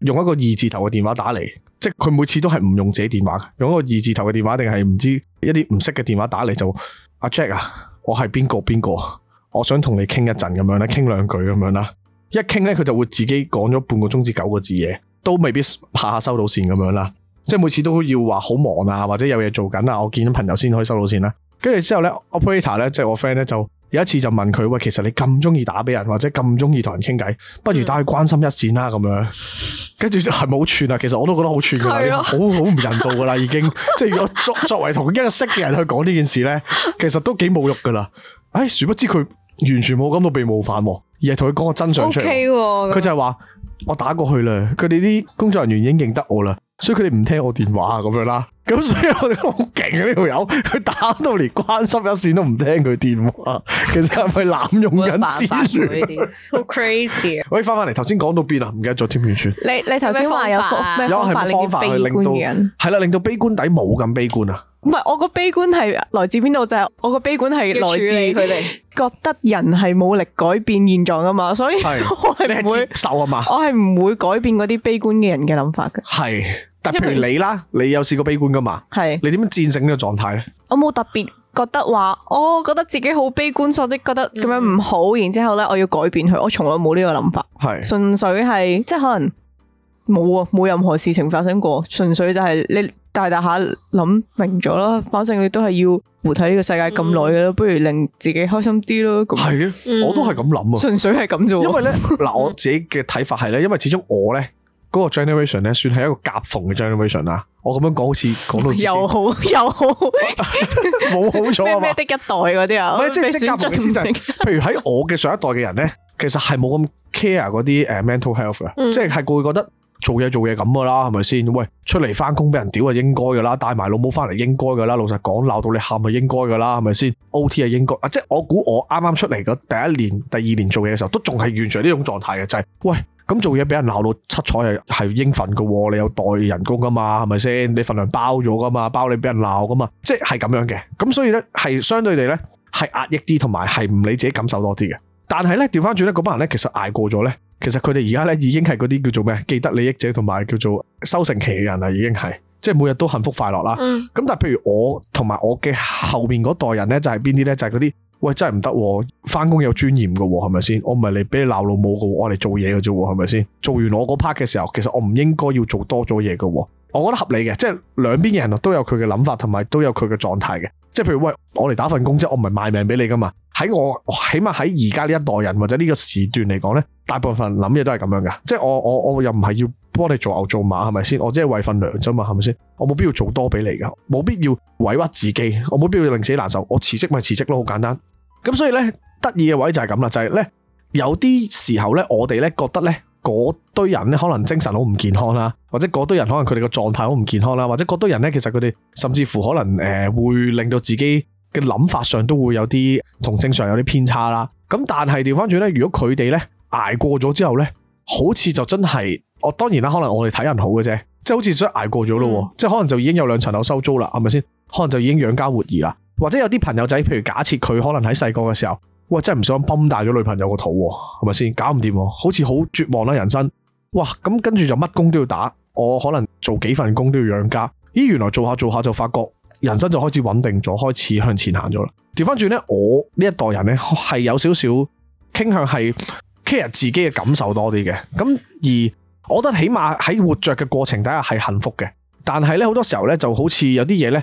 用一個二字頭嘅電話打嚟。即係佢每次都係唔用自己電話，用一個二字頭嘅電話，定係唔知一啲唔識嘅電話打嚟，就阿 Jack 啊，我係邊個邊個，我想同你傾一陣咁樣啦，傾兩句咁樣啦，一傾咧佢就會自己講咗半個鐘至九個字嘢，都未必下下下收到線咁樣啦。即係每次都要話好忙啊，或者有嘢做緊啊，我見咗朋友先可以收到線啦。跟住之後咧，嗯，operator 咧即係我 friend 咧，就有一次就問佢，喂，其實你咁中意打俾人，或者咁中意同人傾偈，不如打去關心一線啦咁樣。跟住係咪好串啊？其實我都覺得好串噶啦，好好唔人道噶啦，已經 即係如果作作為同一個識嘅人去講呢件事咧，其實都幾侮辱噶啦。唉、哎，殊不知佢完全冇感到被冒犯，而係同佢講個真相出嚟。佢 Okay 就係話我打過去啦，佢哋啲工作人員已經認得我啦，所以佢哋唔聽我電話咁樣啦。咁所以我哋好勁啊！呢條友佢打到連關心一線都唔聽佢電話，其實係咪濫用緊資源？好 crazy 啊！喂，翻返嚟，頭先講到邊啊？唔記得咗添，完全。你你頭先話有咩方法？有係方法去令到人係啦，令到悲觀底冇咁悲觀啊！唔係我個悲觀係來自邊度？就係我個悲觀係來自佢哋覺得人係冇力改變現狀啊嘛，所以你係唔會受啊嘛。我係唔會改變嗰啲悲觀嘅人嘅諗法嘅。係。但係譬如你啦，你有試過悲觀噶嘛？係是。你點樣戰勝呢個狀態咧？我冇特別覺得話，我覺得自己好悲觀，或者覺得咁樣唔好。然之後咧，我要改變佢，我從來冇呢個諗法。係是。純粹係即係可能冇啊，冇任何事情發生過。純粹就係你大大下諗明咗啦。反正你都係要活喺呢個世界咁耐嘅咯，不如令自己開心啲咯。係啊、嗯樣，我都係咁諗啊。純粹係咁啫。因為咧，嗱，我自己嘅睇法係咧，因為始終我咧。嗰個 generation 咧，算係一個夾縫嘅 generation 啦。我咁樣講，好似講到又好又好，冇好咗咩 的一代嗰啲啊，是即係夾縫嘅意思，譬如喺我嘅上一代嘅人咧，其實係冇咁 care 嗰啲誒 mental health 啊，嗯、即係係會覺得做嘢做嘢咁噶啦，係咪先？喂，出嚟返工俾人屌啊，應該噶啦，帶埋老母返嚟應該噶啦。老實講，鬧到你喊係應該噶啦，係咪先？OT 係應該啊，即係我估我啱啱出嚟第一年、第二年，第二年做嘢嘅時候，都仲係完全係呢種狀態嘅，就係、是、喂。咁做嘢俾人鬧到七彩係係應份噶喎，你有代人工噶嘛，係咪先？你份量包咗噶嘛，包你俾人鬧噶嘛，即係咁樣嘅。咁所以咧，係相對地咧，係壓抑啲，同埋係唔理自己感受多啲嘅。但係咧，調翻轉咧，嗰班人咧，其實捱過咗咧，其實佢哋而家咧已經係嗰啲叫做咩啊，既得利益者同埋叫做收成期嘅人啦，已經係即係每日都幸福快樂啦。咁但係譬如我同埋我嘅後面嗰代人咧，就係邊啲咧？就係嗰啲。喂，真係唔得，翻工有尊嚴嘅，係咪先？我唔係嚟俾你鬧老母嘅，我嚟做嘢嘅啫，係咪先？做完我嗰 part 嘅時候，其實我唔應該要做多咗嘢嘅，我覺得合理嘅。即係兩邊嘅人都有佢嘅諗法，同埋都有佢嘅狀態嘅。即係譬如喂，我嚟打份工即係，我唔係賣命俾你噶嘛。喺我起碼喺而家呢一代人或者呢個時段嚟講咧，大部分諗嘢都係咁樣噶。即係我我我又唔係要。幫你做牛做馬，係咪先？我只係喂份糧啫嘛，係咪先？我冇必要做多俾你噶，冇必要委屈自己，我冇必要令自己難受。我辭職咪辭職咯，好簡單。咁所以呢，得意嘅位就係咁啦，就係呢。有啲時候呢，我哋呢覺得呢嗰堆人呢，可能精神好唔健康啦，或者嗰堆人可能佢哋個狀態好唔健康啦，或者嗰堆人呢，其實佢哋甚至乎可能誒、呃、會令到自己嘅諗法上都會有啲同正常有啲偏差啦。咁但係調翻轉呢，如果佢哋呢挨過咗之後呢，好似就真係。我、哦、當然啦，可能我哋睇人好嘅啫，即係好似想係挨過咗咯，即係可能就已經有兩層樓收租啦，係咪先？可能就已經養家活兒啦，或者有啲朋友仔，譬如假設佢可能喺細個嘅時候，哇，真係唔想泵大咗女朋友個肚，係咪先？搞唔掂，好似好絕望啦，啊，人生，哇！咁跟住就乜工都要打，我可能做幾份工都要養家。咦，原來做下做下，做下就發覺人生就開始穩定咗，開始向前行咗啦。調翻轉咧，我呢一代人咧係有少少傾向係 care 自己嘅感受多啲嘅，咁而。我覺得起碼喺活着嘅過程底下係幸福嘅，但係咧好多時候咧就好似有啲嘢咧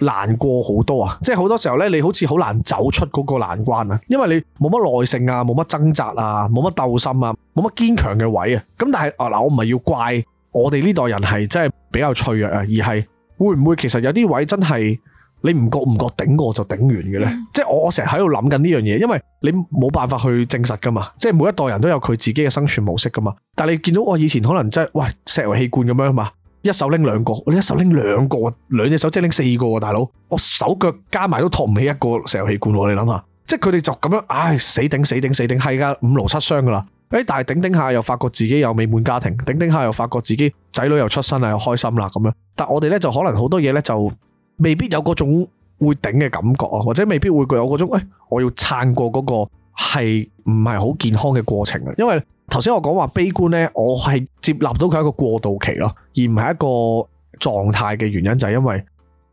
難過好多啊！即係好多時候咧你好似好難走出嗰個難關啊，因為你冇乜耐性啊，冇乜掙扎啊，冇乜鬥心啊，冇乜堅強嘅位啊！咁但係啊嗱，我唔係要怪我哋呢代人係真係比較脆弱啊，而係會唔會其實有啲位真係？你唔覺唔覺頂過就頂完嘅咧？嗯、即係我我成日喺度諗緊呢樣嘢，因為你冇辦法去證實噶嘛。即係每一代人都有佢自己嘅生存模式噶嘛。但係你見到我以前可能真係喂石油氣罐咁樣嘛，一手拎兩個，我一手拎兩個，兩隻手即係拎四個，啊，大佬我手腳加埋都托唔起一個石油氣罐。你諗下，即係佢哋就咁樣，唉、哎、死頂死頂死頂，係噶五勞七傷噶啦。誒，但係頂頂下又發覺自己有美滿家庭，頂頂下又發覺自己仔女又出生啦，又開心啦咁樣。但我哋咧就可能好多嘢咧就。未必有嗰種會頂嘅感覺啊，或者未必會有嗰種，誒，我要撐過嗰、那個係唔係好健康嘅過程啊。因為頭先我講話悲觀呢，我係接納到佢一個過渡期咯，而唔係一個狀態嘅原因就係、是、因為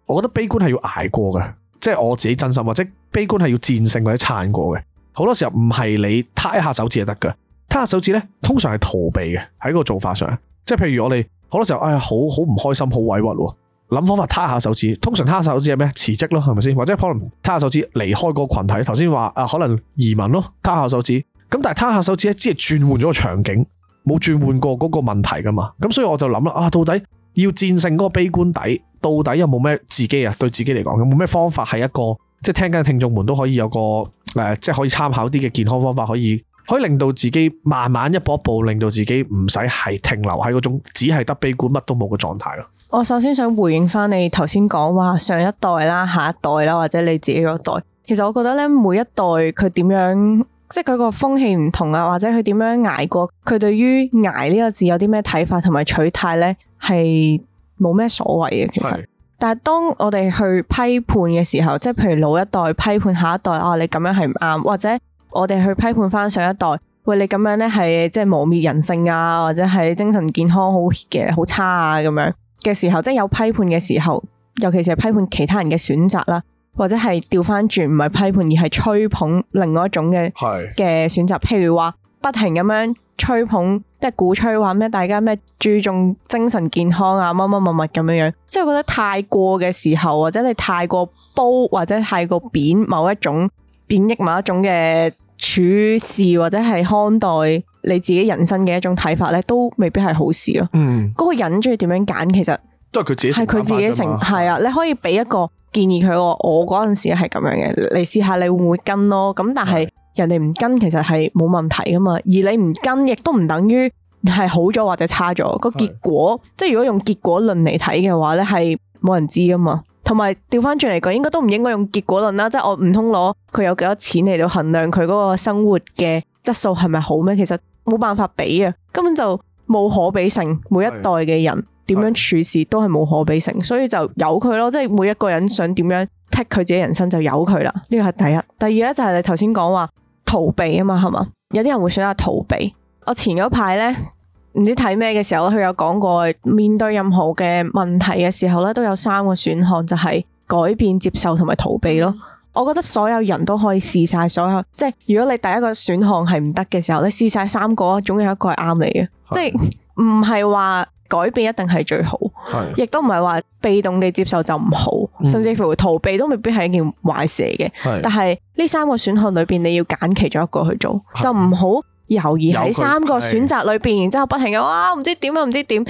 我覺得悲觀係要捱過嘅，即、就、係、是、我自己真心或者悲觀係要戰勝或者撐過嘅。好多時候唔係你撻一下手指就得㗎，撻下手指呢，通常係逃避嘅喺個做法上，即係譬如我哋好多時候，唉，好好唔開心，好委屈。諗方法，他下手指，通常他下手指係咩？辭職咯，係咪先？或者可能他下手指離開個群體。頭先話啊，可能移民咯，他下手指。咁但係他下手指咧，只係轉換咗個場景，冇轉換過嗰個問題噶嘛。咁所以我就諗啦，啊到底要戰勝嗰個悲觀底，到底有冇咩自己啊？對自己嚟講，有冇咩方法係一個即係聽緊聽眾們都可以有個誒、呃，即係可以參考啲嘅健康方法可以。可以令到自己慢慢一步一步，令到自己唔使係停留喺嗰種只係得悲觀乜都冇嘅狀態咯。我首先想回應翻你頭先講話上一代啦、下一代啦，或者你自己嗰一代。其實我覺得咧，每一代佢點樣，即係佢個風氣唔同啊，或者佢點樣挨過，佢對於挨呢個字有啲咩睇法同埋取態咧，係冇咩所謂嘅。其實，是但係當我哋去批判嘅時候，即係譬如老一代批判下一代，哦、啊，你咁樣係唔啱，或者。我哋去批判翻上一代，喂，你咁樣咧，係即係磨滅人性啊，或者係精神健康好嘅好差啊，咁樣嘅時候，即係有批判嘅時候，尤其是批判其他人嘅選擇啦，或者係調翻轉唔係批判而係吹捧另外一種嘅嘅選擇，譬如話不停咁樣吹捧，即係鼓吹話咩大家咩注重精神健康啊，乜乜乜乜咁樣樣，即係覺得太過嘅時候，或者你太過褒，或者太過貶某一種。變益某一種嘅處事或者係看待你自己人生嘅一種睇法咧，都未必係好事咯。嗯，嗰個人中意點樣揀，其實都係佢自己係佢自己成係啊的。你可以俾一個建議佢，我嗰陣時係咁樣嘅，你試下你會唔會跟咯？咁但係人哋唔跟，其實係冇問題噶嘛。而你唔跟，亦都唔等於係好咗或者差咗，個結果。的即係如果用結果論嚟睇嘅話咧，係冇人知噶嘛。同埋調翻轉嚟講，應該都唔應該用結果論啦，即係我唔通攞佢有幾多錢嚟到衡量佢嗰個生活嘅質素係咪好咩？其實冇辦法比啊，根本就冇可比性。每一代嘅人點樣處事都係冇可比性，是所以就由佢咯，是即係每一個人想點樣剔佢自己人生就由佢啦。呢個係第一，第二咧就係你頭先講話逃避啊嘛，係嘛？有啲人會選擇逃避。我前嗰排咧。唔知睇咩嘅時候，佢有講過，面對任何嘅問題嘅時候咧，都有三個選項，就係改變、接受同埋逃避咯。我覺得所有人都可以試晒所有，即係如果你第一個選項係唔得嘅時候，你試晒三個，總有一個係啱你嘅。是的 即係唔係話改變一定係最好，亦都唔係話被動地接受就唔好，是的 甚至乎逃避都未必係一件壞事嚟嘅。是的 但係呢三個選項裏邊，你要揀其中一個去做，是的 就唔好。猶豫喺三個選擇裏邊，然之後不停嘅，哇！唔知點啊，唔知點，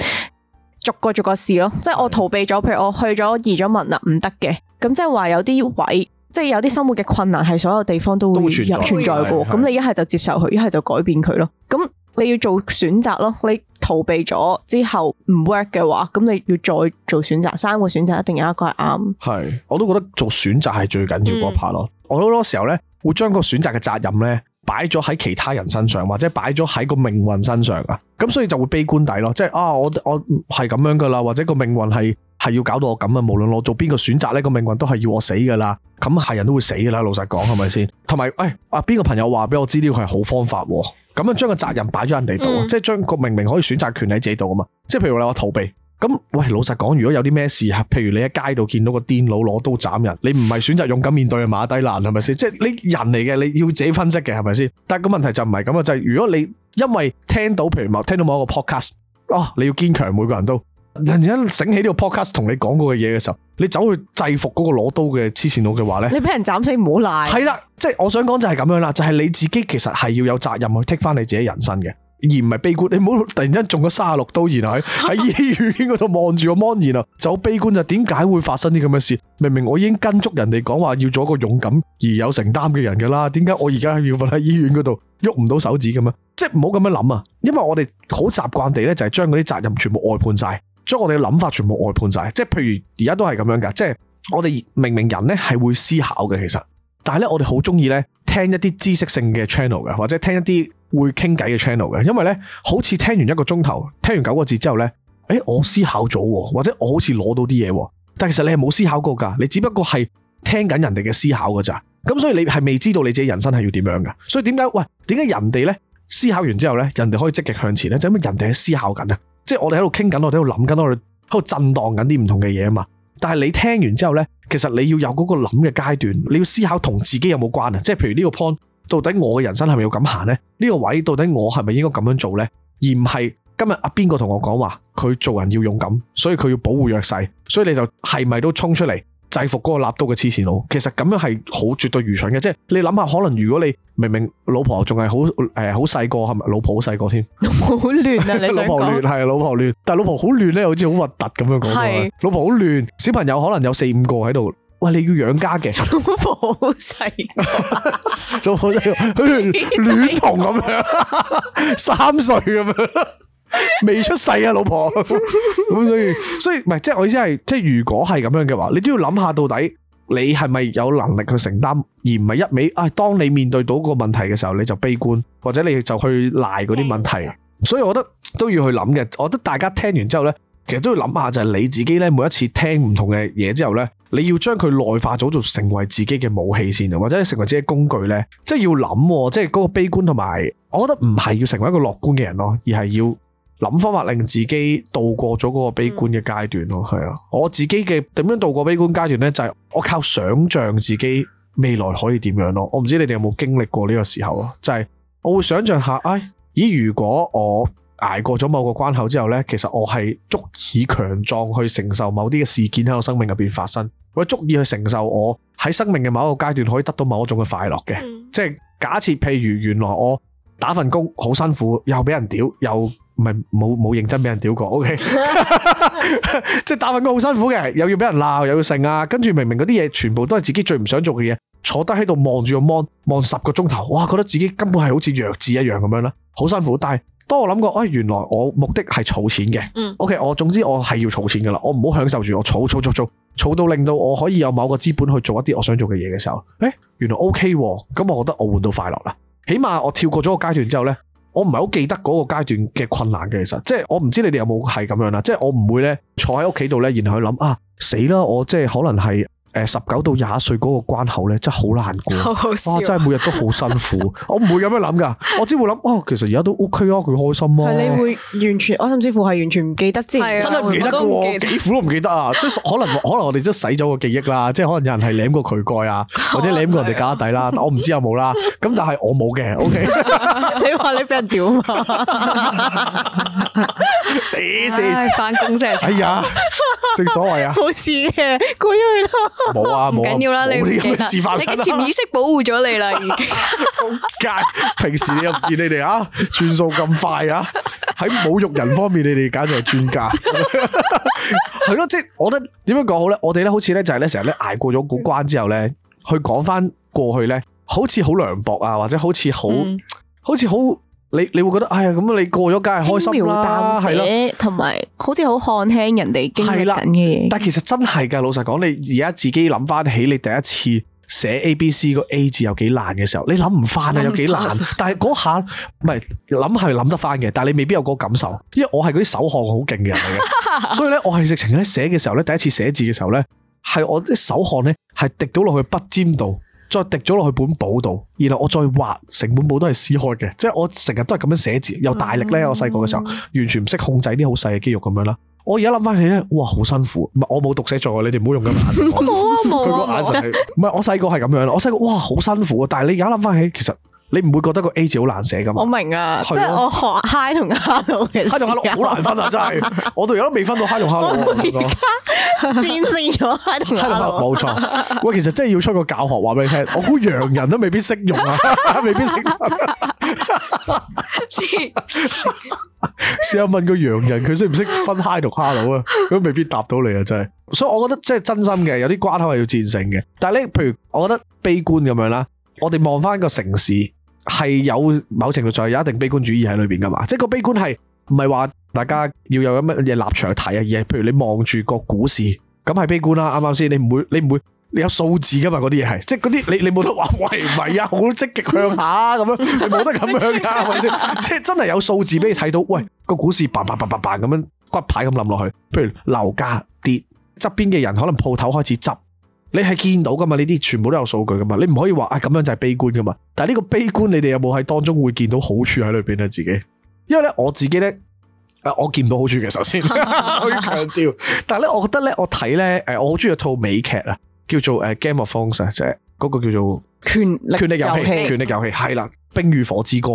逐個逐個試咯。是即係我逃避咗，譬如我去咗移咗民啦，唔得嘅。咁即係話有啲位，即係有啲生活嘅困難，係所有地方都會,都會存在嘅。咁你一係就接受佢，一係就改變佢咯。咁你要做選擇咯。你逃避咗之後唔 work 嘅話，咁你要再做選擇。三個選擇一定有一個係啱。係，我都覺得做選擇係最緊要嗰 part 咯。嗯，我都好多時候咧，會將個選擇嘅責任咧。擺咗喺其他人身上，或者擺咗喺個命運身上啊，咁所以就會悲觀底咯，即係啊，我我係咁樣噶啦，或者個命運係係要搞到我咁啊，無論我做邊個選擇呢，個命運都係要我死噶啦，咁係人都會死噶啦，老實講，係咪先？同埋，誒啊邊個朋友話俾我知呢個佢係好方法喎，咁啊將個責任擺咗人哋度，嗯、即係將個明明可以選擇權喺自己度啊嘛，即係譬如話我逃避。咁喂，老實講，如果有啲咩事啊，譬如你喺街度見到個癲佬攞刀斬人，你唔係選擇勇敢面對啊，馬低難係咪先？即係你人嚟嘅，你要自己分析嘅係咪先？但係個問題就唔係咁啊，就係、是、如果你因為聽到譬如話聽到某一個 podcast，哦、啊，你要堅強，每個人都突然間醒起呢個 podcast 同你講過嘅嘢嘅時候，你走去制服嗰個攞刀嘅黐線佬嘅話咧，你俾人斬死唔好賴。係啦，即係我想講就係咁樣啦，就係、是、你自己其實係要有責任去 take 翻你自己人生嘅。而唔係悲觀，你唔好突然間中咗卅六刀，然後喺醫院嗰度望住個 mon 然後，就悲觀就點解會發生啲咁嘅事？明明我已經跟足人哋講話要做一個勇敢而有承擔嘅人噶啦，點解我而家要瞓喺醫院嗰度喐唔到手指咁啊？即係唔好咁樣諗啊！因為我哋好習慣地咧，就係將嗰啲責任全部外判晒，將我哋嘅諗法全部外判晒。即係譬如而家都係咁樣噶，即係我哋明明人咧係會思考嘅，其實，但係咧我哋好中意咧聽一啲知識性嘅 channel 嘅，或者聽一啲。會傾偈嘅 channel 嘅，因為咧好似聽完一個鐘頭，聽完九個字之後咧，誒我思考咗，或者我好似攞到啲嘢，但其實你係冇思考過噶，你只不過係聽緊人哋嘅思考噶咋，咁所以你係未知道你自己人生係要點樣噶，所以點解喂，點解人哋咧思考完之後咧，人哋可以積極向前咧，就因為人哋喺思考緊啊，即係我哋喺度傾緊，我哋喺度諗緊，我哋喺度震盪緊啲唔同嘅嘢啊嘛，但係你聽完之後咧，其實你要有嗰個諗嘅階段，你要思考同自己有冇關啊，即係譬如呢個 point。到底我嘅人生係咪要咁行呢？呢、呢個位到底我係咪應該咁樣做呢？而唔係今日阿邊個同我講話佢做人要勇敢，所以佢要保護弱勢，所以你就係咪都衝出嚟制服嗰個立刀嘅黐線佬？其實咁樣係好絕對愚蠢嘅，即係你諗下，可能如果你明明老婆仲係好誒好細個，係咪老婆好細個添？老婆好亂啊！你 老婆亂係老婆亂，但係老婆好亂咧，好似好核突咁樣講。老婆好亂，小朋友可能有四五個喺度。喂，你要養家嘅， 老婆好細，啊、 老婆好似孌童咁樣，三歲咁樣，未出世啊，老婆。咁 所以，所以唔係，即係我意思係，即係如果係咁樣嘅話，你都要諗下到底你係咪有能力去承擔，而唔係一味，唉、哎，當你面對到個問題嘅時候，你就悲觀，或者你就去賴嗰啲問題。了所以我覺得都要去諗嘅。我覺得大家聽完之後咧，其實都要諗下，就係你自己咧，每一次聽唔同嘅嘢之後咧。你要將佢內化咗做成為自己嘅武器先啊，或者成為自己工具呢？即係要諗，即係嗰個悲觀同埋，我覺得唔係要成為一個樂觀嘅人咯，而係要諗方法令自己度過咗嗰個悲觀嘅階段咯。係啊，我自己嘅點樣度過悲觀階段呢？就係我靠想象自己未來可以點樣咯。我唔知你哋有冇經歷過呢個時候啊，就係我會想象下，唉，咦，如果我。捱過咗某個關口之後呢，其實我係足以強壯去承受某啲嘅事件喺我生命入邊發生，或者足以去承受我喺生命嘅某一個階段可以得到某一種嘅快樂嘅。即係假設譬如原來我打份工好辛苦，又俾人屌，又唔係冇冇認真俾人屌過。OK，即係打份工好辛苦嘅，又要俾人鬧，又要剩啊。跟住明明嗰啲嘢全部都係自己最唔想做嘅嘢，坐低喺度望住個 mon 望十個鐘頭，哇，覺得自己根本係好似弱智一樣咁樣啦，好辛苦，但係，當我諗過，哎，原來我目的係儲錢嘅。嗯、OK，我總之我係要儲錢噶啦，我唔好享受住，我儲儲儲儲，儲到令到我可以有某個資本去做一啲我想做嘅嘢嘅時候，誒、哎，原來 OK，咁我覺得我換到快樂啦。起碼我跳過咗個階段之後咧，我唔係好記得嗰個階段嘅困難嘅，其實即係我唔知你哋有冇係咁樣啦。即係我唔會咧坐喺屋企度咧，然後去諗啊死啦，我即係可能係。誒，十九到廿歲嗰個關口咧，真係好難過，哇、啊！真係每日都好辛苦。 我唔會咁樣諗噶，我只會諗，哇、啊！其實而家都 OK 啊，佢開心啊。係你會完全，我甚至乎係完全唔記得之前，啊、真係唔記得嘅，幾苦都唔記得啊！即係可能可能我哋都洗咗個記憶啦， 即係可能有人係舐過佢蓋啊，或者舐過人哋家，家底啦， 我唔知有冇啦。咁但係我冇嘅，OK 你你。你話你俾人屌啊？死死！翻工真係，哎呀，正所謂啊，冇 事嘅，冇啊，冇緊要啦，啊、你唔好啲咁示範，啊、你潛意識保護咗你啦，已經好夾 蛋。 平時你又見你哋啊，轉數咁快啊，喺侮辱人方面，你哋簡直係專家。係咯， 即係我覺得點樣講好咧？我哋咧，呢好似咧，就係咧，成日咧捱過咗嗰關之後咧，去講翻過去咧，好似好涼薄啊，或者好似、嗯、好，好似好。你你會覺得，哎呀，咁你過咗，梗係開心啦，係咯，同埋了好似好看輕人哋經歷緊嘅嘢。但其實真係噶，老實講，你而家自己諗翻起你第一次寫 A B C 個 A 字有幾難嘅時候，你諗唔翻啊，有幾難。啊、但係嗰下唔係諗係諗得翻嘅，但係你未必有嗰感受，因為我係嗰啲手汗好勁嘅人嚟嘅， 所以咧我係直情咧寫嘅時候咧，第一次寫字嘅時候咧，係我啲手汗咧係滴到落去筆尖度。再滴咗落去本簿度，然後我再畫成本簿都係撕開嘅，即係我成日都係咁樣寫字，又大力咧。我細個嘅時候完全唔識控制啲好細嘅肌肉咁樣啦。我而家諗翻起咧，哇，好辛苦。唔係，我冇讀寫障礙，你哋唔好用咁眼神。 佢個眼神係 我冇啊，冇啊。唔係，我細個係咁樣，我細個哇，好辛苦啊。但係你而家諗翻起，其實。你唔會覺得個 A 字好難寫噶嘛？我明啊，啊我學 High 同 Hello 其實好難分啊！ 真係，我到而家都未分到 High 同 Hello，啊。戰勝咗 High 同 Hello 冇錯。Hello，冇錯 喂，其實真係要出個教學話俾你聽，我估洋人都未必識用啊， 未必識，啊。試 下 問個洋人，佢識唔識分 High 同 Hello 啊？佢都未必答到你啊！真係， 所以我覺得即係真心嘅，有啲關口係要戰勝嘅。但係咧，譬如我覺得悲觀咁樣啦，我哋望翻個城市。係有某程度上有一定悲觀主義喺裏邊噶嘛，即係個悲觀係唔係話大家要有乜嘢立場去睇啊，而係譬如你望住個股市，咁係悲觀啦，啱啱先？你唔會，你唔會，你有數字噶嘛？嗰啲嘢係，即係嗰啲你你冇得話喂，唔係啊，好積極向下咁樣，你冇得咁樣噶，係咪先？即係真係有數字俾你睇到，喂，個股市，bang bang bang bang bang 咁樣骨牌咁冧落去，譬如樓價跌，側邊嘅人可能鋪頭開始執，你係見到噶嘛？呢啲全部都有數據噶嘛？你唔可以話啊咁樣就係悲觀噶嘛？但係呢個悲觀，你哋有冇喺當中會見到好處喺裏邊啊？自己，因為咧我自己咧，誒，我見唔到好處嘅。首先， 我要強調。但係咧，我覺得咧，我睇咧，誒，我好中意一套美劇啊，叫做《誒 Game of Thrones》，即係嗰個叫做權力權力遊戲，權力遊戲係啦，《冰與火之歌》。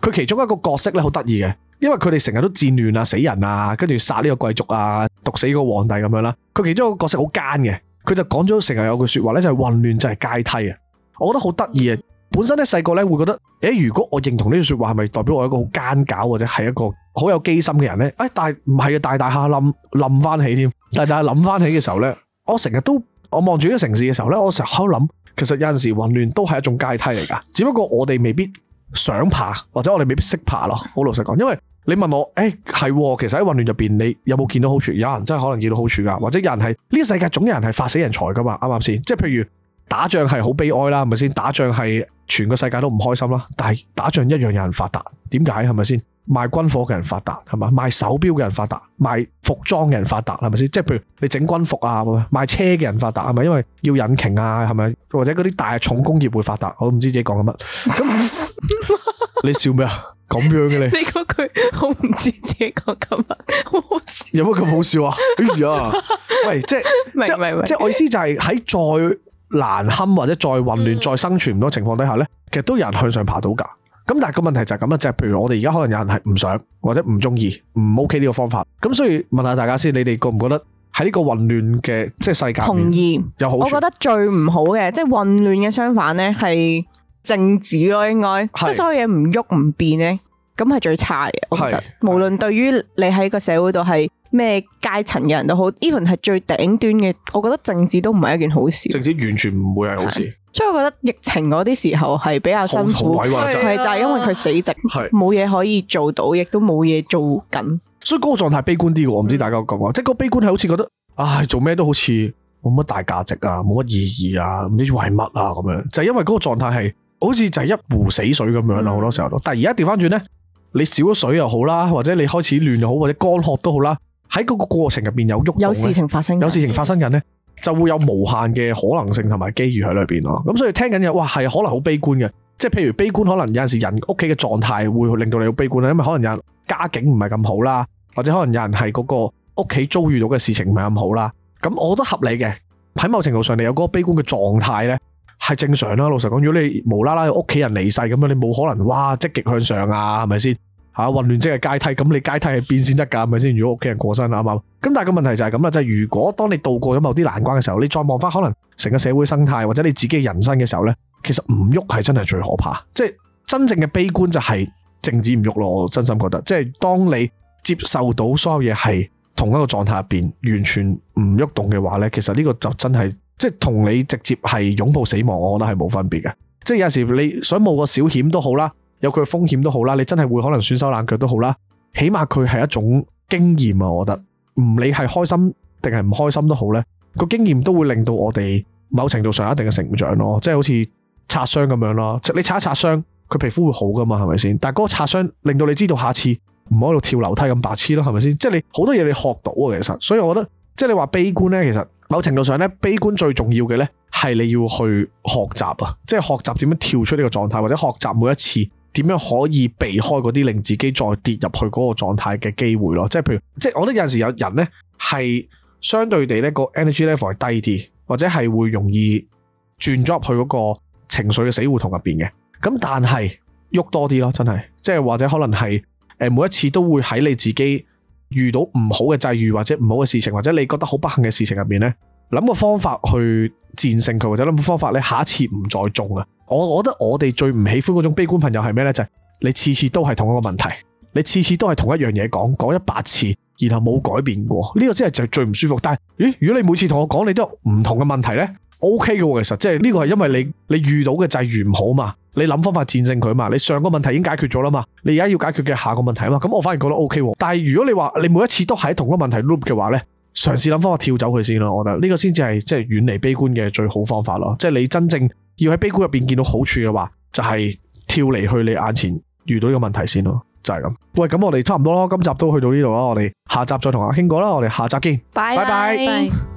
佢其中一個角色咧好得意嘅，因為佢哋成日都戰亂啊、死人啊，跟住殺呢個貴族啊、毒死呢個皇帝咁樣啦。佢其中一個角色好奸嘅。佢就講咗成日有句説話咧，就係、是、混亂就係階梯啊！我覺得好得意啊！本身咧細個咧會覺得，誒、欸、如果我認同呢句説話，係咪代表我一個好奸狡或者係一個好有機心嘅人咧？誒、欸，但係唔係啊？大大下冧，冧翻起添，大大下諗翻起嘅時候咧，我成日都我望住呢個城市嘅時候咧，我成日喺度諗，其實有陣時混亂都係一種階梯嚟㗎，只不過我哋未必想爬或者我哋未必識爬咯。好老實講，因為。你問我，誒、欸、係，其實喺混亂入邊，你有冇見到好處？有人真係可能見到好處噶，或者有人係呢個世界，總有人係發死人財噶嘛，啱唔啱先？即係譬如打仗係好悲哀啦，係咪先？打仗係全個世界都唔開心啦，但係打仗一樣有人發達，點解？係咪先？賣軍火嘅人發達，係咪？賣手表嘅人發達，賣服裝嘅人發達，係咪先？即係譬如你整軍服啊，係咪？賣車嘅人發達，係咪？因為要引擎啊，係咪？或者嗰啲大重工業會發達，我都唔知自己講緊乜。咁 你笑咩啊？咁樣嘅你，你嗰句好唔知自己講咁啊，好好笑，有乜咁好笑啊？哎呀，喂，即係即係即係，我意思就係喺再難堪或者再混亂、再生存唔到情況底下咧，其實都有人向上爬到噶。咁但係個問題就係咁啊，就係，譬如我哋而家可能有人係唔想或者唔中意唔 OK 呢個方法。咁所以問下大家先，你哋覺唔覺得喺呢個混亂嘅即係世界，同意有好？我覺得最唔好嘅即係混亂嘅相反咧係。政治咯，應該即係所有嘢唔喐唔變咧，咁係最差嘅。我覺得無論對於你喺個社會度係咩階層嘅人都好，even 係最頂端嘅，我覺得政治都唔係一件好事。政治完全唔會係好事。所以我覺得疫情嗰啲時候係比較辛苦，就係因為佢死直，冇嘢可以做到，亦都冇嘢做緊。所以嗰個狀態悲觀啲嘅，我唔知大家覺唔覺，即係個悲觀係好似覺得，唉，做咩都好似冇乜大價值啊，冇乜意義啊，唔知為乜啊咁樣，就係因為嗰個狀態係。好似就係一湖死水咁樣咯，好、嗯、多時候都。但係而家調翻轉呢，你少咗水又好啦，或者你開始亂又好，或者乾渴都好啦，喺嗰個過程入面有喐，有事情發生，有事情發生緊呢，嗯、就會有無限嘅可能性同埋機遇喺裏邊咯。咁所以聽緊嘢，哇，係可能好悲觀嘅，即係譬如悲觀，可能有陣時人屋企嘅狀態會令到你好悲觀啦，因為可能有人家境唔係咁好啦，或者可能有人係嗰個屋企遭遇到嘅事情唔係咁好啦。咁我都合理嘅，喺某程度上你有嗰個悲觀嘅狀態呢。係正常啦，老實講，如果你無啦啦屋企人離世咁樣，你冇可能哇積極向上啊，係咪先吓？混亂即係階梯，咁你階梯係變先得噶係咪先？如果屋企人過身啦，啱唔啱？咁但係個問題就係咁啦，就係如果當你度過咗某啲難關嘅時候，你再望翻可能成個社會生態或者你自己人生嘅時候呢，其實唔喐係真係最可怕，即係真正嘅悲觀就係靜止唔喐咯。我真心覺得，即係當你接受到所有嘢係同一個狀態入邊完全唔喐動嘅話呢，其實呢個就真係。即係同你直接係擁抱死亡，我覺得係冇分別嘅。即係有時你想冒個小險都好啦，有佢風險都好啦，你真係會可能損手爛腳都好啦。起碼佢係一種經驗啊，我覺得。唔理係開心定係唔開心都好咧，個經驗都會令到我哋某程度上有一定嘅成長咯。即係好似擦傷咁樣啦，你擦一擦傷，佢皮膚會好噶嘛，係咪先？但係嗰個擦傷令到你知道下次唔好喺度跳樓梯咁白痴咯，係咪先？即係你好多嘢你學到啊，其實。所以我覺得即係你話悲觀咧，其實。某程度上咧，悲觀最重要嘅咧，係你要去學習啊，即係學習點樣跳出呢個狀態，或者學習每一次點樣可以避開嗰啲令自己再跌入去嗰個狀態嘅機會咯。即係譬如，即係我覺得有陣時有人咧係相對地咧個 energy level 係低啲，或者係會容易轉咗入去嗰個情緒嘅死胡同入邊嘅。咁但係喐多啲咯，真係，即係或者可能係誒每一次都會喺你自己遇到唔好嘅際遇或者唔好嘅事情，或者你覺得好不幸嘅事情入面，呢，諗個方法去戰勝佢，或者諗個方法你下一次唔再中啊！我我覺得我哋最唔喜歡嗰種悲觀朋友係咩呢？就係、是、你次次都係同一個問題，你次次都係同一樣嘢講講一百次，然後冇改變過，呢、這個真係最最唔舒服。但係咦，如果你每次同我講你都有唔同嘅問題呢。O K 嘅喎，其實即係呢個係因為你你遇到嘅就係際遇唔好嘛，你諗方法戰勝佢嘛，你上個問題已經解決咗啦嘛，你而家要解決嘅下個問題啊嘛，咁我反而覺得 OK，但係如果你話你每一次都喺同一個問題 loop 嘅話呢，嘗試諗方法跳走佢先咯，我覺得呢個先至係即係遠離悲觀嘅最好方法咯，即係你真正要喺悲觀入邊見到好處嘅話，就係跳離去你眼前遇到呢個問題先咯，就係咁。喂，咁我哋差唔多咯，今集都去到呢度啦，我哋下集再同阿 Wing 傾過啦，我哋下集見，拜拜。